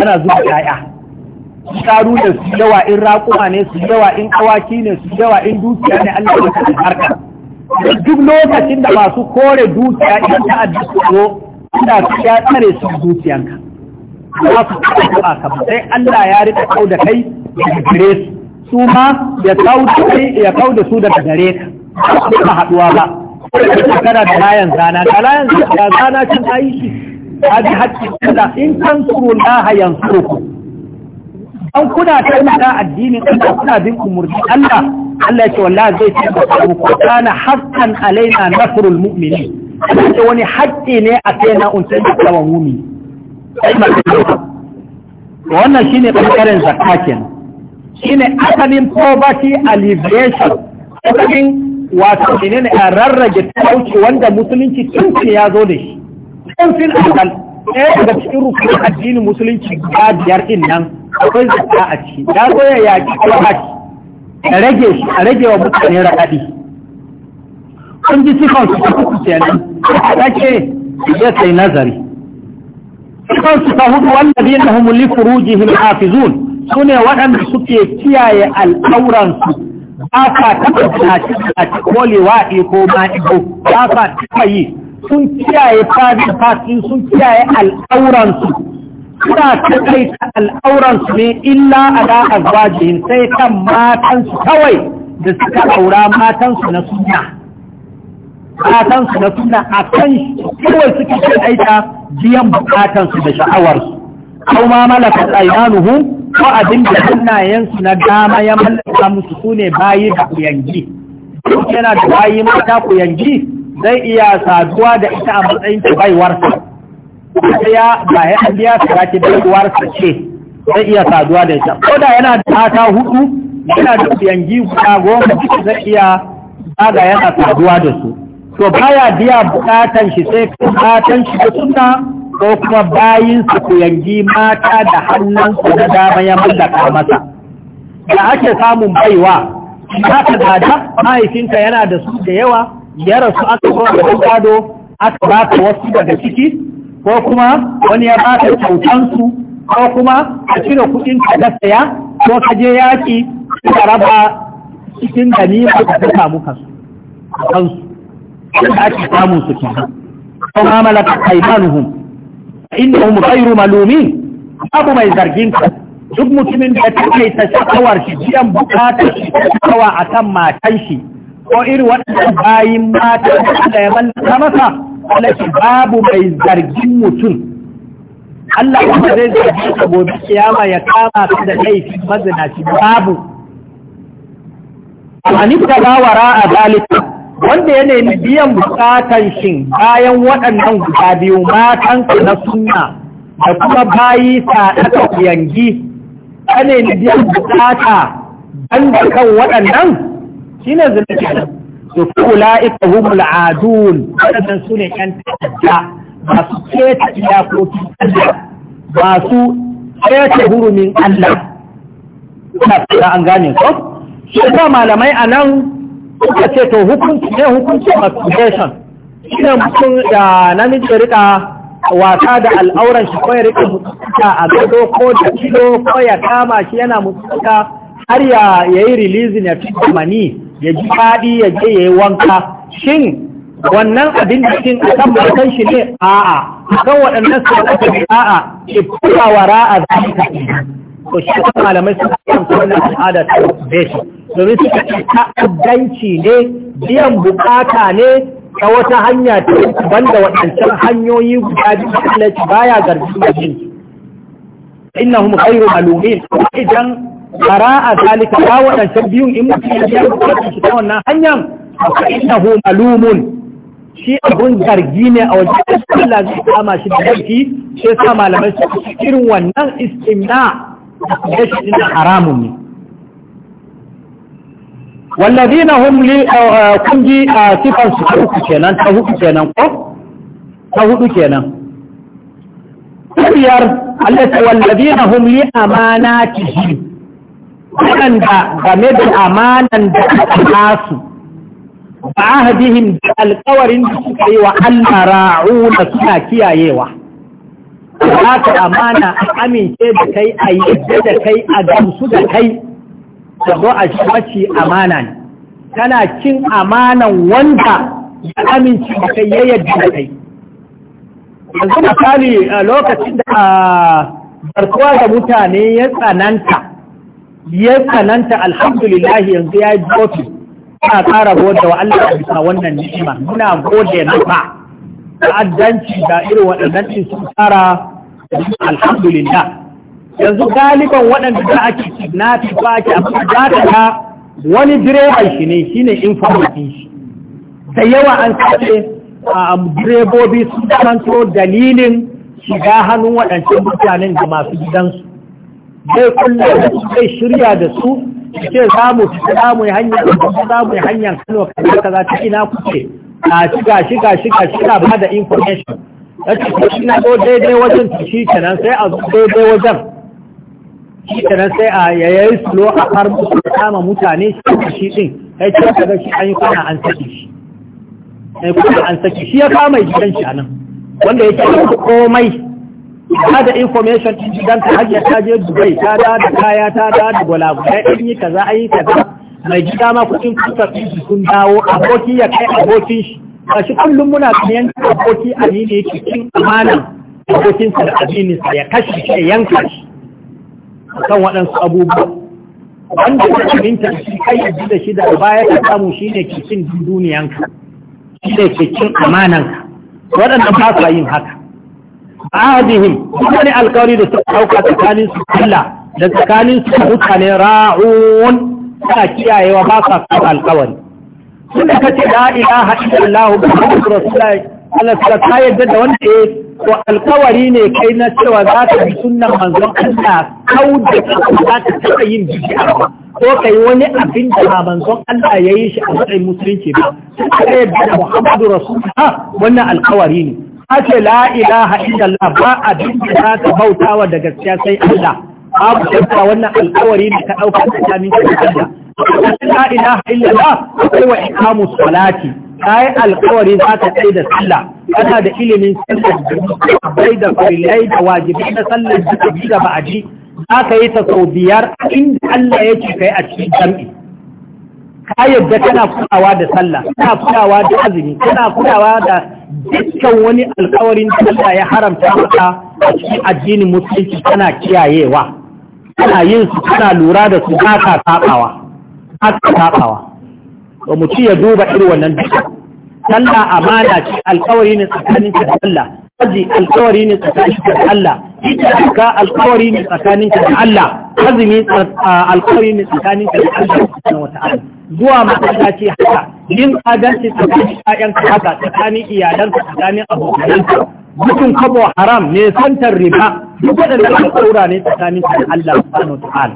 ana zuwa 'ya'ya. karu ne su yawa in raƙuma ne su yawa in awaki ne su yawa in dukiya ne Allah ya san harka duk lokacin da masu kore dukiya in ta addu'a ko ina su ya tsare su dukiyanka za su addu'a ka sai Allah ya rika kau da kai da gare su su ma ya kau da ya kau da su daga gare ka ba haɗuwa ba kana da layan zana da layan zana cin aiki a ji haƙƙin Allah in kan turu laha yansurukum an kuna ta addinin Allah kuna bin umurni Allah Allah ce wallahi zai ce ku kana haqqan alaina nasrul mu'minin Allah ce wani haƙƙi ne a kai na unta da kawa mumi wannan shine bangaren zakka kenan shine asalin poverty alleviation asalin wato menene a rarrage talauci wanda musulunci tun ya zo da shi tun fil akal ɗaya daga cikin rukunin addinin musulunci guda biyar din nan akwai zakka a ciki ya koya ya yaƙi ko a rage shi a rage wa mutane raɗaɗi kun ji sifan su kuka uku kenan a ɗake ya sai nazari sifan su ta hudu wanda biyan da humuli furujihim hafizun su ne waɗanda suke kiyaye al'auransu ba sa taɓa a cikin ko liwaɗi ko ma'igo ba sa taɓa yi sun kiyaye fadin fatin sun kiyaye al'auransu suna taƙaita al'auransu ne illa a da azwajihim sai kan matansu kawai da suka aura matansu na suna matansu na suna a kan kawai suke taƙaita biyan bukatansu da sha'awarsu au ma malaka tsaimanuhum ko abin da hannayensu na dama ya mallaka musu su ne bayi da kuyangi yana da bayi mata kuyangi zai iya saduwa da ita a matsayin ta baiwarsa ya ba ya biya saraki baiwarsa ce zai iya saduwa da ita ko da yana da ta hudu yana da yangi guda goma zai iya zaga yana saduwa da su to baya biya bukatan shi sai bukatan shi da suna ko kuma su ku yangi mata da hannun su da dama ya mallaka masa da ake samun baiwa haka da mahaifinta yana da su da yawa ya rasu aka zo da gado aka ba ta wasu daga ciki ko kuma wani ya ba ta kyautansu ko kuma a cire kuɗin ka da saya ko ka je yaki ka raba cikin ba ka samu kansu a kansu da ake samun su kenan kuma malaka kaimanuhum malumi abu mai zargin ka duk mutumin da ya take ta sha'awar shi biyan buƙatar shi ta a akan matan shi ko irin waɗannan bayin mata da ya mallaka masa alaƙi babu mai zargin mutum Allah kuma zai zargi ka gobe kiyama ya kama ka da laifin mazinaci babu ani ka ba a zalika wanda ya nemi biyan bukatan shin bayan waɗannan guda biyu matan ka na sunna da kuma bayi sadaka yangi ka nemi biyan bukata dan da kan waɗannan shine zulmi kenan to ita humul adun wadannan sune kan ta'adda masu keta iyakokin Allah masu keta hurumin Allah ina fara an gane ko shi ba malamai anan suka ce to hukunci ne hukunci masturbation shine mutum da namiji ya rika wasa da al'auran shi ko ya rika mutunta a gado ko da kilo ko ya kama shi yana mutuka har ya yayi releasing ya fi mani ya ji faɗi ya je ya yi wanka shin wannan abin da shin a kan matan shi ne a'a a kan waɗannan su aka bi a'a ke fura wa ra'a za ka shi kan malamai su kan wannan al'ada ta shi domin suka ce ta'addanci ne biyan bukata ne ta wata hanya ta banda waɗancan hanyoyi guda biyu da baya garbi majin innahum khairu malumin idan bara a zalika ba waɗancan biyun in mutum ya biya bukatun shi ta wannan hanyar fa innahu malumun shi abun zargi ne a wajen Allah zai kama shi da sai sa malamai su irin wannan istimna da shi ina haramun ne والذين eh, eh, eh, kenan لي كنجي صفر سكوك كنان تهوك كنان قف تهوك كنان كبير التي والذين هم لأماناتهم waɗanda game da amanan da aka nasu ba ahadihim da alkawarin da suka yi wa Allah ra'una suna kiyayewa za ka amana a amince da kai a yadda da kai a gamsu da kai da zo a shi amana ne tana cin amanan wanda ya amince da kai ya yadda da kai yanzu misali lokacin da barkuwa da mutane ya tsananta ya tsananta alhamdulillah yanzu ya yi jofi ana ƙara gode wa Allah a bisa wannan ni'ima muna gode na ba ta'addanci da irin waɗannan ɗin sun tsara alhamdulillah yanzu galiban waɗanda da ake kidnapping ba ake abin da ta wani direban shi ne shi ne informatin shi da yawa an sace a um, direbobi sun kanto dalilin shiga hannun waɗancan mutanen da masu gidansu zai kulla da su zai shirya da su ce za mu fita za mu yi hanyar za mu yi hanyar kano kaza kaza ta ina kuce a shiga shiga shiga shiga ba da information yace ko shi na zo daidai wajen shi kenan sai a zo daidai wajen shi kenan sai a yayayi slow a har musu kama mutane shi shi din sai ce ka ga shi an yi kwana an saki shi sai kuma an saki shi ya kama gidan shi a nan. wanda ya yake komai ba da information din gidan ta ta je dubai ta da da kaya ta da da gwalagwalai in yi kaza an yi kaza mai gida ma kuɗin kusa sun dawo aboki ya kai abokin shi a shi kullum muna kayan aboki a ne ne ke cin amanan abokinsa da sa ya kashe shi yanka shi kan waɗansu abubuwa wanda ta aminta shi kai ji da shi da baya ta samu shi ne ke cin duniyanka shi ne ke cin amananka waɗannan ba yin haka adihim wani alkawari da suka hauka tsakanin su Allah da tsakanin su mutane ra'un suna kiyayewa ba sa kan alkawari tun da kace la ilaha illallah muhammadur rasulullah Allah ta ka yadda da wanda ya to alkawari ne kai na cewa za ka bi sunnar manzon Allah kau da za ka taɓa yin bid'a ko kai wani abin da manzon Allah ya yi shi a matsayin musulunci ba sai ka yadda da muhammadur rasulullah wannan alkawari ne ta ce la ilaha illallah ba a da za ka bautawa da gaskiya sai Allah babu shakka wannan alƙawari da ka ɗauka tsakanin ka da Allah la ilaha illallah sai wa salati kayan alƙawari za ka tsaye da sallah kana da ilimin sallar da bai da farilai da wajibi na sallar da ba ji za ka yi ta sau biyar inda Allah ya ce a cikin jam'i ka yadda kana kulawa da sallah kana kulawa da azumi kana kulawa da dukkan wani alkawarin da ya haramta maka a cikin addinin musulunci kana kiyayewa kana yin su kana lura da su ba ka tabawa ba ka tabawa ba mu ci ya duba irin wannan duka sallah amana ce alkawari ne tsakanin ka da sallah. haji alkawari ne tsakaninka da Allah ka alkawari ne tsakaninka da Allah azumi alkawari ne tsakaninka da Allah subhanahu wata'ala zuwa masallaci haka yin adalci tsakanin ƴaƴanka haka tsakanin iyalanka tsakanin abokananka mutum kabo haram ne santar riba duk waɗanda aka tsora ne tsakaninka da Allah subhanahu wata'ala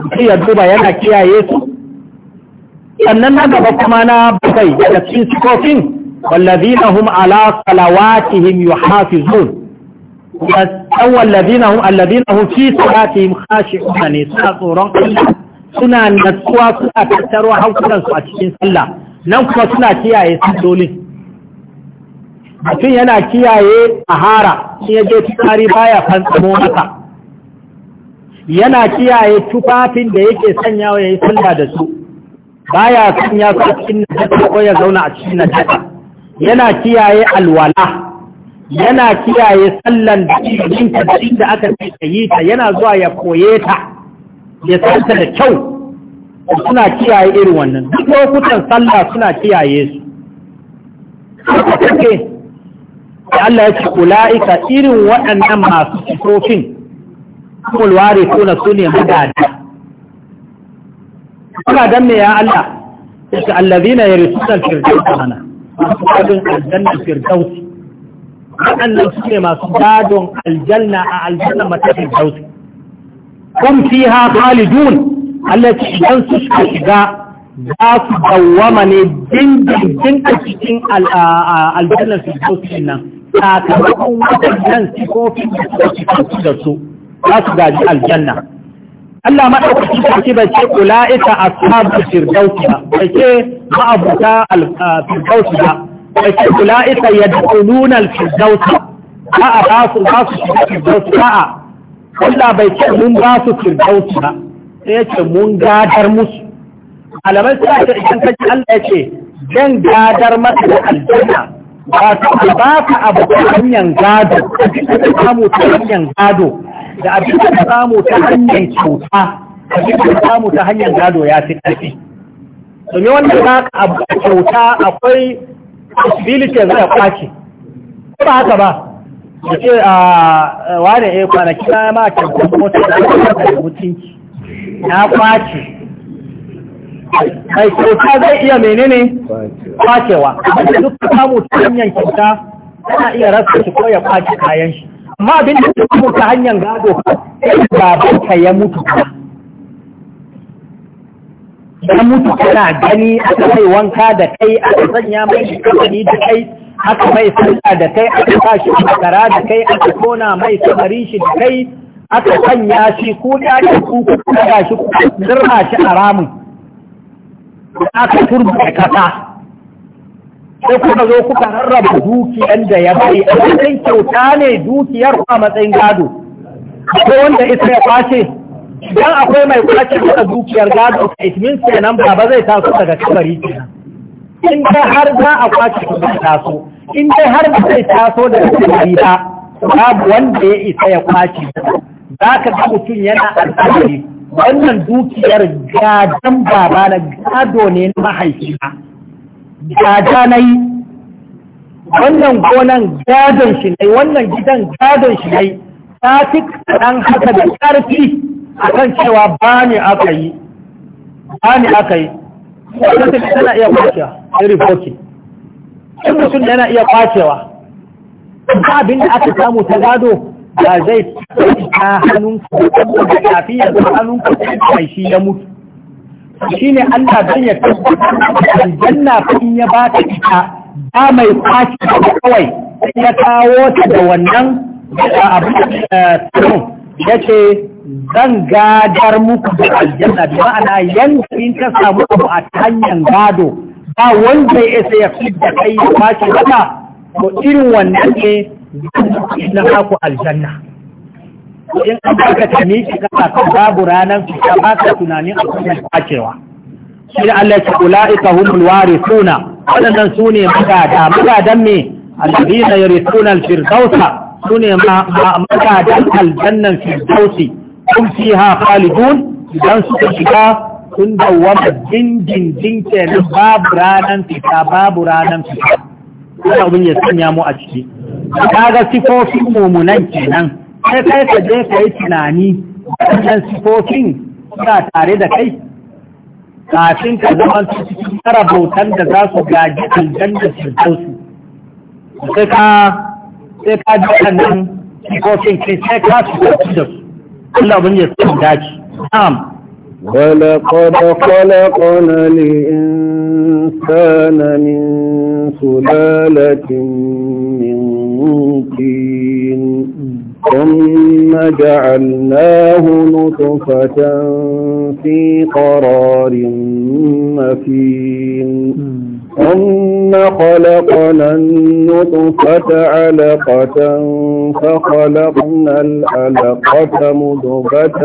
mutum ya duba yana kiyaye su sannan na gaba kuma na bakwai daga cikin والذين هم على صلواتهم يحافظون والذين هم الذين هم في صلاتهم خاشعون ne suna tsoron Allah suna natsuwa suna tattaro hankulansu a cikin sallah nan kuma suna kiyaye sallolin mutum yana kiyaye ahara in ya je tsari baya fantsamo maka yana kiyaye tufafin da yake sanyawa ya yi sallah da su baya sanya su a cikin najasa ko ya zauna a cikin najasa yana kiyaye alwala yana kiyaye sallan da yinta da inda aka yi ta yana zuwa ya koye ta ya santa da kyau suna kiyaye irin wannan duk lokutan sallah suna kiyaye su da Allah ya ce ula'ika irin waɗannan masu sifofin kulware suna su ne magada suna don me ya Allah ya ce allazina ya risu da firdaus sana'a. masu gadon aljanna firdausi waɗannan su ne masu gadon aljanna a aljanna mata firdausi kun fi ha Allah idan su suka shiga za su dawwama ne dindindin a cikin aljannar firdausi nan sakamakon waɗannan sifofin da suka cikin da su za su gaji aljanna Allah maɗaukaki sarki bai ce kula ula'ika ashabu firdausi ba bai ce ma'abuta firdausi ba bai ce kula ula'ika ya al-firdausi ba a ba su ba su shiga firdausi ba a Allah bai ce mun ba su firdausi ba sai ya ce mun gadar musu alamai suna ce idan kaji Allah ya ce zan gadar masa da aljanna ba su ba ka abu ta hanyar gado ka samu ta hanyar gado da abin da ka samu ta hanyar kyauta abin da ka samu ta hanyar gado ya fi ƙarfi domin wanda za ka abu kyauta akwai possibility zai kwace ko ba haka ba da ce a ah, wane ya eh, kwanaki na ma kyauta mota ta aka da mutunci na kwace kai kyauta zai iya menene kwacewa abin da duk ka samu ta hanyar kyauta ana iya rasa shi ko ya kwace kayan shi amma abin da ta samu ta hanyar gado babanka ya mutu ya mutu kana gani aka kai wanka da kai aka sanya mai kamani da kai aka mai sarka da kai aka sa shi makara da kai aka kona mai samari shi da kai aka sanya shi ko ya ce kuku kuka shi kuka zirma shi a ramin aka turba da kasa sai kuka zo kuka rarraba dukiyar da ya bari a matsayin kyauta ne dukiyar a matsayin gado ko wanda isa ya kwace idan akwai mai kwace masa dukiyar gado ka ismin kenan baba zai taso daga kabari in dai har za a kwace ku zai taso in dai har ba zai taso daga kabari ba babu wanda ya isa ya kwace za ka ga mutum yana alfahari wannan dukiyar gadon babana gado ne na mahaifina gada na yi wannan gonan gadon shi na yi wannan gidan gadon shi na yi ta fi kaɗan haka da ƙarfi a kan cewa ba ne aka yi ba ne aka yi wata ne tana iya kwacewa ya rifoki in mutum yana iya kwacewa ba abin da aka samu ta gado ba zai ta hannunka da kafin yanzu hannunka da shi ya mutu shine Allah zai ya aljanna fa in ya ta ita ba mai kwaci kawai ya kawo ta da wannan abu da eh, ya ce zan gadar muku da aljanna da ma'ana yanzu in ka samu abu a ta hanyar gado ba wanda ya isa ya fi kai ya kwaci maka ko irin wannan ne zan na aljanna in an baka ta miki kana babu ranar fita ba ka tunanin abin da kwacewa shi da Allah ya ulaika humul warithuna wadannan su magada magadan me alladhina yarithuna al sune su ne magadan aljannan firdausi kun fiha khalidun idan suka shiga sun dawwama jinjin babu ranar fita babu ranar fita kuma abin ya sanya mu a ciki kaga sifofin mumunan kenan sai kai ka je ka yi tunani wannan sifofin suna tare da kai kafin ka zama cikin bautan da za su gaji da firdausu sai ka sai ka ji wannan sifofin kai sai ka su tafi da su Allah bin ya san dace na'am ولقد خلقنا الإنسان من سلالة من طين ثم جعلناه نطفة في قرار مكين ثم خلقنا النطفة علقة فخلقنا العلقة مضغة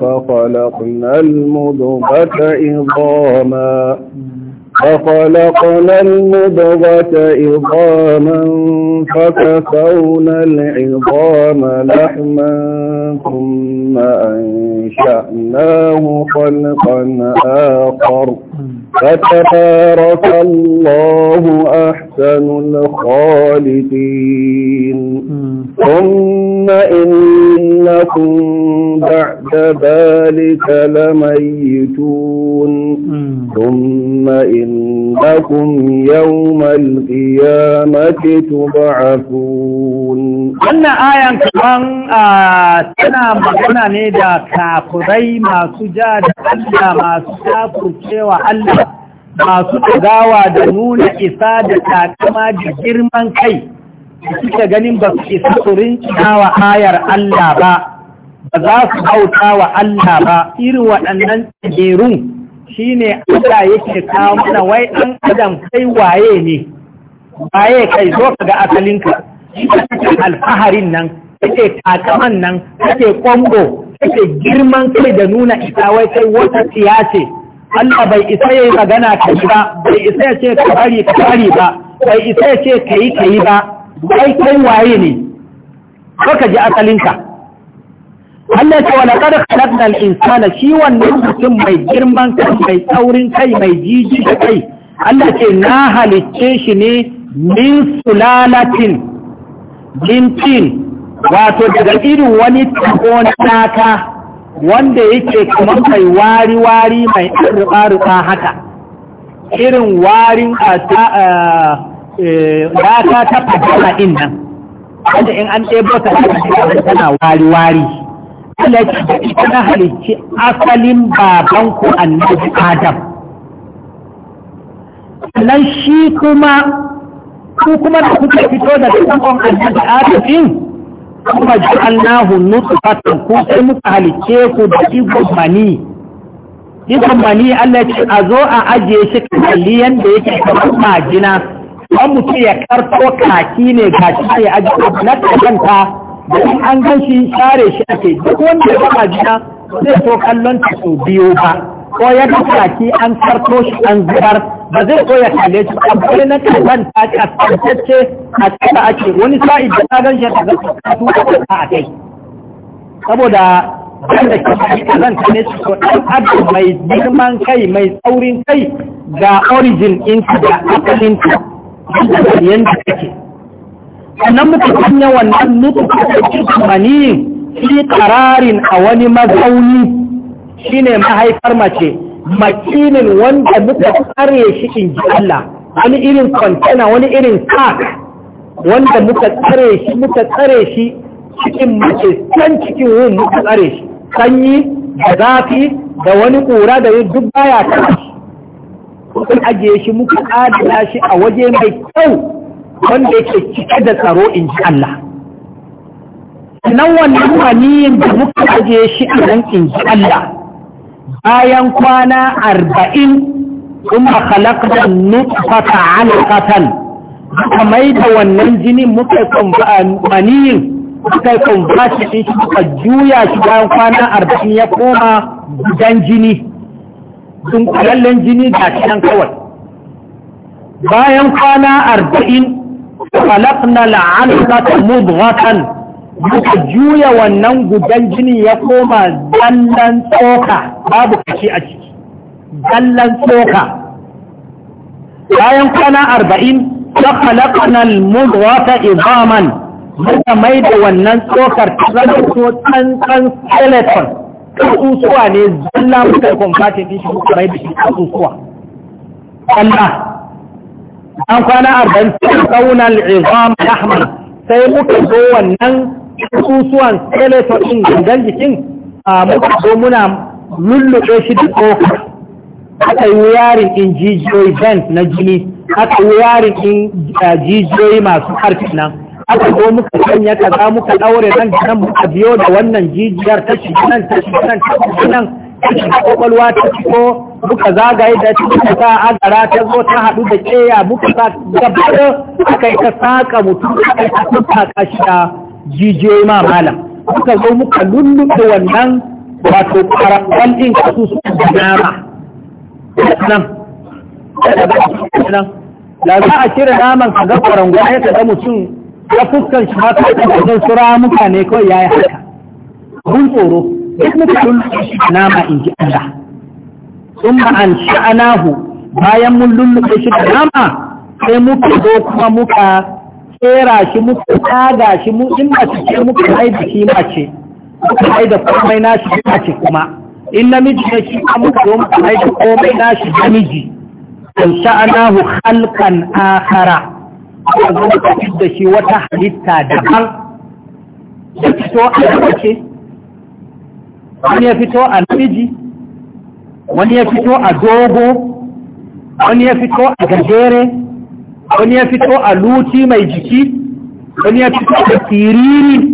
فخلقنا المضغة عظاما وخلقنا المضغة عظاما فكسونا العظام لحما ثم أنشأناه خلقا آخر فتبارك الله أحسن الخالقين ثم إنكم بعد ذلك لميتون ثم إنكم يوم القيامة تبعثون أن آية كمان تنا مغنى نيدا كافري ما سجاد ألا ما سكافر كيوى ألا ما سكاوى دنون إفادة كما جرمان كي suka ganin ba su isa su wa ayar Allah ba ba za su bauta wa Allah ba irin waɗannan tsagerun ne Allah yake kawo mana wai ɗan adam kai waye ne waye kai zo ka ga asalinka alfaharin nan kake takaman nan kake kwambo kake girman kai da nuna isa wai kai wata siyace. Allah bai isa yi magana ka ba bai isa ya ce ka bari ka bari ba bai isa ya ce ka yi ka yi ba ai kai waye ne baka ji asalinka Allah ce wala kada khalaqnal insana shi wannan mutum mai girman kai mai tsaurin kai mai jiji kai Allah ce na halicce shi ne min sulalatin min wato daga irin wani tako na taka wanda yake kamar mai wari wari mai haka irin warin a gata eh, ta fajjala ɗin nan wanda in an ɗebo ta tana wari-wari Allah ya ce ita na halicci asalin baban ku annabi Adam sannan shi kuma ku kuma da kuke fito da tsakon annabi Adam din kuma ja'alnahu fatan, ku sai muka halicce ku da igon mani igon mani Allah ya ce a zo a ajiye shi kalli yanda yake kamar majina an mutum ya karto kaki ne ga shi ya aji na kanta da in an gan shi share shi ake duk wanda ya ba gina zai so kallon ta sau biyu ba ko ya ga kaki an karto shi an zubar ba zai so ya kalle shi ba na kallon ta a a tsaka ake wani sa'i da ta gan shi ta zai tuka a kai saboda wanda ke zan kane su ko ɗan abu mai girman kai mai tsaurin kai ga origin ɗinta da asalinta yanda kake sannan muka sanya wannan nutsu da cikin mani fi a wani mazauni shine mahaifar mace makinin wanda muka tsare shi in ji Allah wani irin kwantana wani irin sack wanda muka tsare shi muka tsare shi cikin mace can cikin wun muka tsare shi sanyi da zafi da wani kura da duk baya ta muka ajiye shi muka adana shi a waje mai kyau wanda yake cike da tsaro in ji Allah nan wannan maniyin da muka ajiye shi a nan in ji Allah bayan kwana arba'in ثم خلقنا النطفة علقة muka mai da wannan jini muka maniyin muka kumbashi shi muka juya shi bayan kwana arba'in ya koma gudan jini Sun kwallon jini da can kawai bayan kwana arba'in falakna la'anata mudghatan muka juya wannan gudan jini ya koma zallan tsoka babu kashi a ciki zallan tsoka bayan kwana arba'in ta falakna mudghata idaman muka mai da wannan tsokar ta zama tsantsan skeleton ƙasusuwa ne zalla muka yi kwamfati ɗin shi kuma mai da shi ƙasusuwa Allah an kwana arba'in sai kaunar izam ahmad sai muka zo wannan ƙasusuwan skeleton din gangan jikin a muka zo muna lulluɓe shi da tsoka aka yi yarin in jijiyoyi bent na jini aka yi yarin in eh, jijiyoyi masu harfi nan aka zo muka sanya kaza muka ɗaure nan da nan muka biyo da wannan jijiyar ta shi nan ta shi nan ta shi nan ta shiga kwakwalwa ta ko muka zagaye da shi ta agara ta zo ta haɗu da keya muka sa gabar aka yi ta saka mutum aka yi ta saka shi da jijiyoyi ma malam muka zo muka lullube wannan wato karakwal ɗin kasu su da nama nan da za a cire naman ka ga kwarangwa ya ka ga mutum ya fuskar shi haka da zan sura muka ne kawai yayi haka Mun tsoro duk muka lulluɓe shi nama in ji Allah summa an sha'anahu bayan mun lulluɓe shi da nama sai muka zo kuma muka tsera shi muka tsaga shi mu in mace ce muka da shi mace muka da komai nashi ce kuma in namiji ne shi kuma muka zo muka da komai nashi namiji an sha'anahu halkan akhara aka zo ka da shi wata halitta kan ya fito a mace wani ya fito a namiji wani ya fito a dogo wani ya fito a gajere wani ya fito a luti mai jiki wani ya fito a tiriri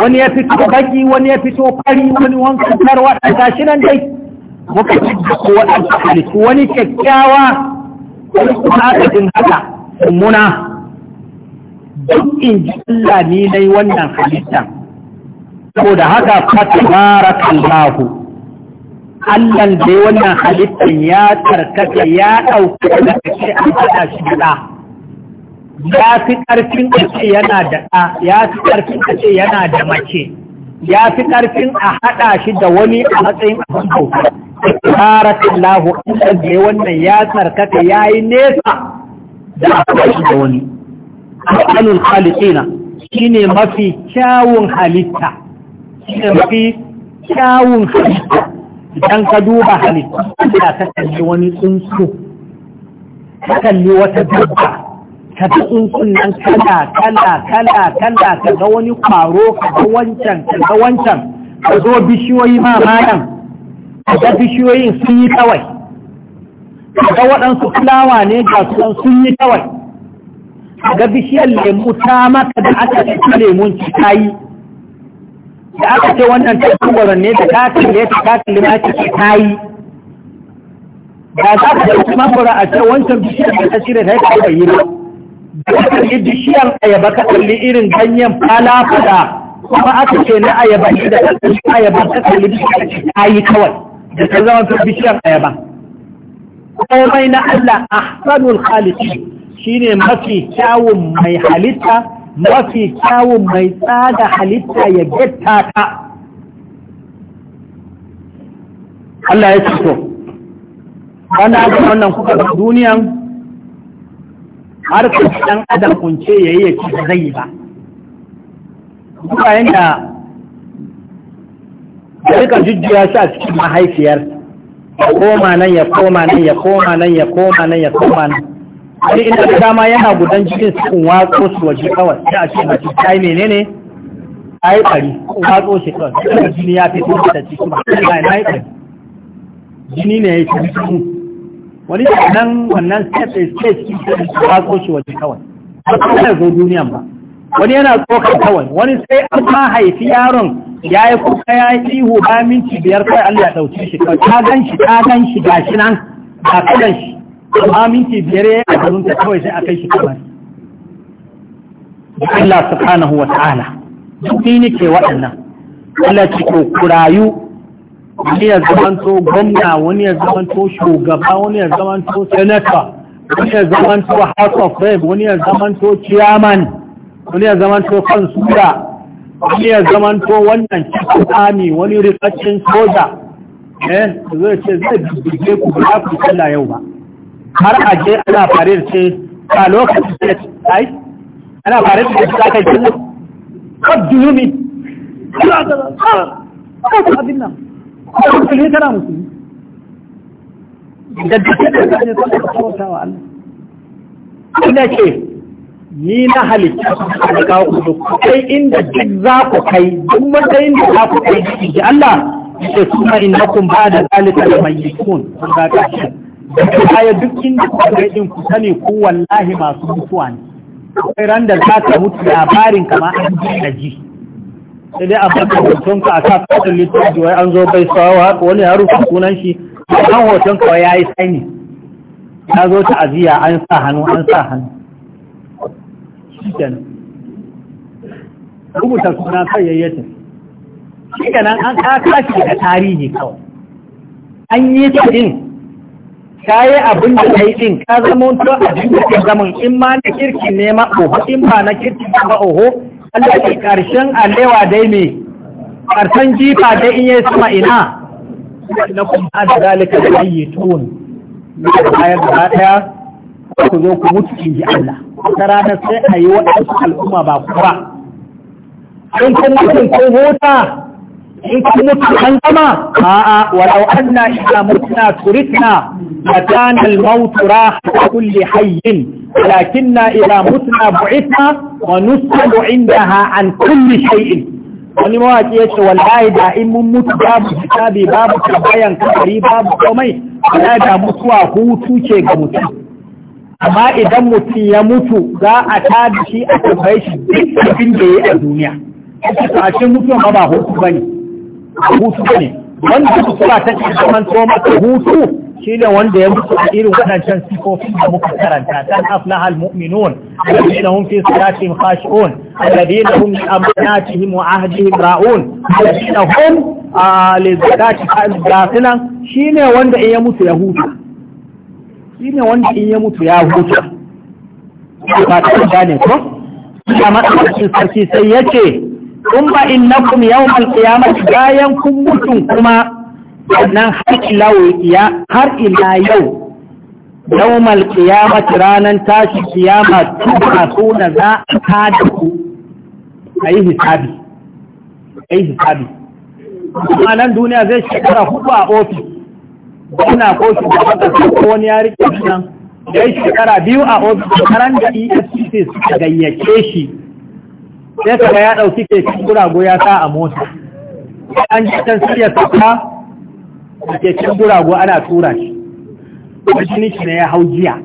wani ya fito baki wani ya fito fari wani wankan karwa a tashi nan dai muka ci da kowa ɗan wani kyakkyawa wani kuma haka mummuna don in ji Allah ni yi wannan halitta saboda haka fatabarakan lahu Allah dai wannan halittan ya tarkata ya ɗauka da ake a faɗa shi da ya fi ƙarfin a ce yana da ɗa ya fi ƙarfin a ce yana da mace ya fi ƙarfin a haɗa shi da wani a matsayin abin bauta. Tarakallahu, Allah da wannan ya tarkata ya yi nesa da aka ba shi da wani halittina shi shine mafi kyawun halitta ne mafi kyawun halitta idan ka duba halitta ta kalli wani tsuntsu ta kalli wata dabba ka ta tsuntsun nan kala kala kala kala ka ga wani kwaro ka ga wancan ka ga wancan ka zo bishiyoyi ma malam ka ga bishiyoyin sun yi kawai ga waɗansu fulawa ne ga sun sun yi kawai ga bishiyar lemu ta maka da aka ce lemun ci ta yi da aka ce wannan ta tsogoron ne da katin ya ta katin limaci ci ta yi da za ka kuma mafura a ce wancan bishiyar da ta cire ta yi ta yi ba da aka yi bishiyar ayaba ka kalli irin ganyen fala-fala kuma aka ce na ayaba ne da ta ayaba ka kalli bishiyar ta yi kawai da ta zama bishiyar ayaba. komai na Allah ahsanul shi shine mafi kyawun mai halitta mafi kyawun mai tsada halitta ya getta ta Allah ya ce so bana ga wannan kuka da duniyan har ka ɗan adam kunce yi ya ci zai ba kuka yanda ya rika jujjuya shi a cikin mahaifiyar koma nan ya koma nan ya koma nan ya koma nan ya koma nan wani ina da dama yana gudan jikin sun wako su waje kawai sai a ce mace ta yi menene ai bari ɓari watso shi kawai sai jini ya fito da ciki ba sai na yi ɓari jini ne ya yi su wani sannan wannan step is step ki sai watso shi waje kawai ba kuma zo duniyan ba wani yana tsokar kawai wani sai an ma haifi yaron ya yi kuka ya yi ihu ba minti biyar kai Allah ya ɗauki shi kawai ta gan shi ta gan shi ga shi nan ka gan shi ba minti biyar ya yi a ta kawai sai a kai shi kamar Allah subhanahu wa ta'ala duk ni ke waɗannan Allah ce ko kurayu wani ya zamanto gwamna wani ya zamanto shugaba wani ya zamanto senator wani ya zamanto house of rep wani ya zamanto chairman wani ya zamanto kansula wani ya zamanto wannan cikin ami wani rikacin soja eh zai ce zai bibbige ku ba ku sallah yau ba har a je ana farin ce a lokacin da ai ana farir da ta kai tun abdulmi Allah ta ta abin nan musulmi kana musulmi da duk da ne ta ta wa Allah Allah ce ni na halitta da kawo ku kai inda duk za ku kai duk matsayin da za ku kai ji Allah ce kuma ba ba'da zalika lamayyitun kun ga ta aya duk inda ku kai din ku sani ku wallahi masu mutuwa ne kai ran da za ka mutu labarin kama an ji da ji sai dai a baka hoton ka a ka fadin littafi wai an zo bai sawa wani ya sunan shi an hoton ka ya yi sani ya zo ta'aziyya, aziya an sa hannu an sa hannu shi kenan rubuta suna sai yayyata shi kenan an ƙasa shi daga tarihi kawai an yi ta din Ta yi abin da ka yi din ka zama to abin da ka zama in ma na kirki ne ma oho in ma na kirki ne ma oho Allah ke karshen alewa dai me karshen jifa dai in yi sama ina na kuma da zalika da ayyutun da bayar da ɗaya ku zo ku mutu in ji Allah ta ranar sai a yi waɗansu al'umma ba kuwa in kan mutum ko hota in kan mutum kan zama a'a walau anna ila mutuna turitna مكان الموت راح كل حي لكننا إذا متنا بعثنا ونسأل عندها عن كل شيء ونمواج يشر والآي دائم مت باب كتابي باب كبايا كبري باب كومي فلا دا متوا هو توشي كمتوا amma idan mutum ya mutu za a tada shi a tambaye shi duk abin da ya yi a duniya a cikin mutuwa ma ba hutu bane hutu bane wanda su kula ta ce zaman so masa hutu shi ne wanda ya mutu a irin waɗancan sifofi da muka karanta tan aflaha almu'minun alladhina hum fi salatihim khashi'un alladhina hum min amanatihim wa ahdihim ra'un alladhina hum ah, li zakati fa'ilan shine wanda in ya mutu ya hutu. shi ne wanda in ya mutu ya huta ba ta gane ko ya matsalacin sarki sai ya ce kun ba innakum yawmal qiyamati bayan kun mutu kuma sannan har ila ya har ila yau yawmal qiyamati ranan tashi kiyama tuka suna za a kada ku yi hisabi a yi hisabi kuma nan duniya zai shekara hudu a ofis ina ko shugaban kasa ko wani ya rike nan ya yi shekara biyu a ofis Karan da efcc suka gayyace shi sai kaga ya ɗauki keken gurago ya sa a mota an ji can sirya sauka da keken gurago ana tura shi wajini shi ne ya hau jiya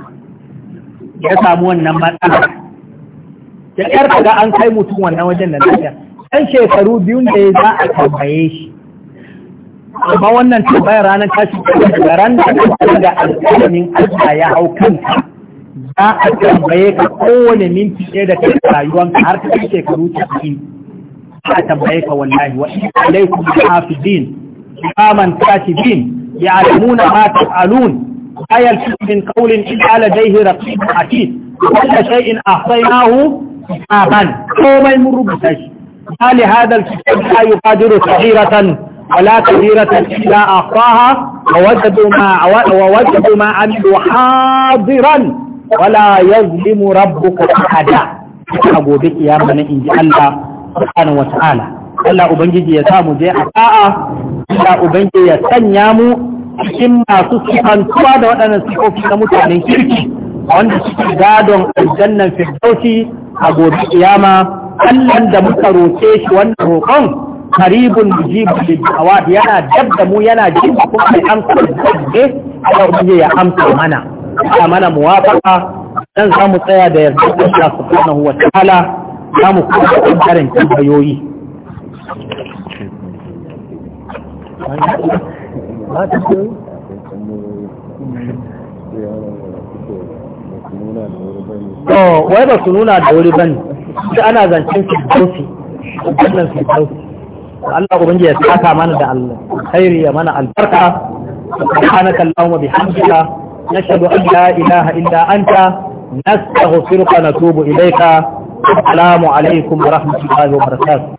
ya samu wannan matsala da ƙyar da an kai mutum wannan wajen da lafiya ɗan shekaru biyun da ya za a tambaye shi amma wannan tambayar ranar tashi da ran da alƙalamin Allah ya hau kanta za a tambaye ka kowane minti ɗaya da kai rayuwanka har ta shekaru ciki za a tambaye ka wallahi wa in alaikum hafizin imaman katibin ya'lamuna ma taf'alun لا يلفظ من قول إلا لديه رقيب عتيد كل شيء أحصيناه كتابا يوم يمر بسجد ما لهذا الكتاب لا يقادر صغيرة ولا كبيرة إلا أخطاها ووجدوا ما, ووجدوا ما عملوا حاضرا ولا يظلم ربك أحدا أبو بك يا من إن جاء الله سبحانه وتعالى Allah Ubangiji ya samu je a sa'a, Allah Ubangiji ya sanya mu cikin masu sifantuwa da waɗannan sifofi na mutanen kirki wanda suke gadon aljannan firdausi a gobe kiyama Allah da muka roke shi wannan rokon. karibun mujibu lidawat yana dab da mu yana jin kuma mai amsa dabbe Allah ubangiji ya amsa mana ya mana muwafaka dan za mu tsaya da yarda Allah subhanahu wa ta'ala za mu kuma karin tambayoyi wai ba su nuna da wuri ba ne, ana zancen firdausi, wannan firdausi. Allah ubangi ya saka mana da Allah ya mana albarka subhanaka allahumma bihamdika nashhadu an la ilaha illa anta nastaghfiruka wa natubu ilayka assalamu alaikum wa rahmatullahi wa barakatuh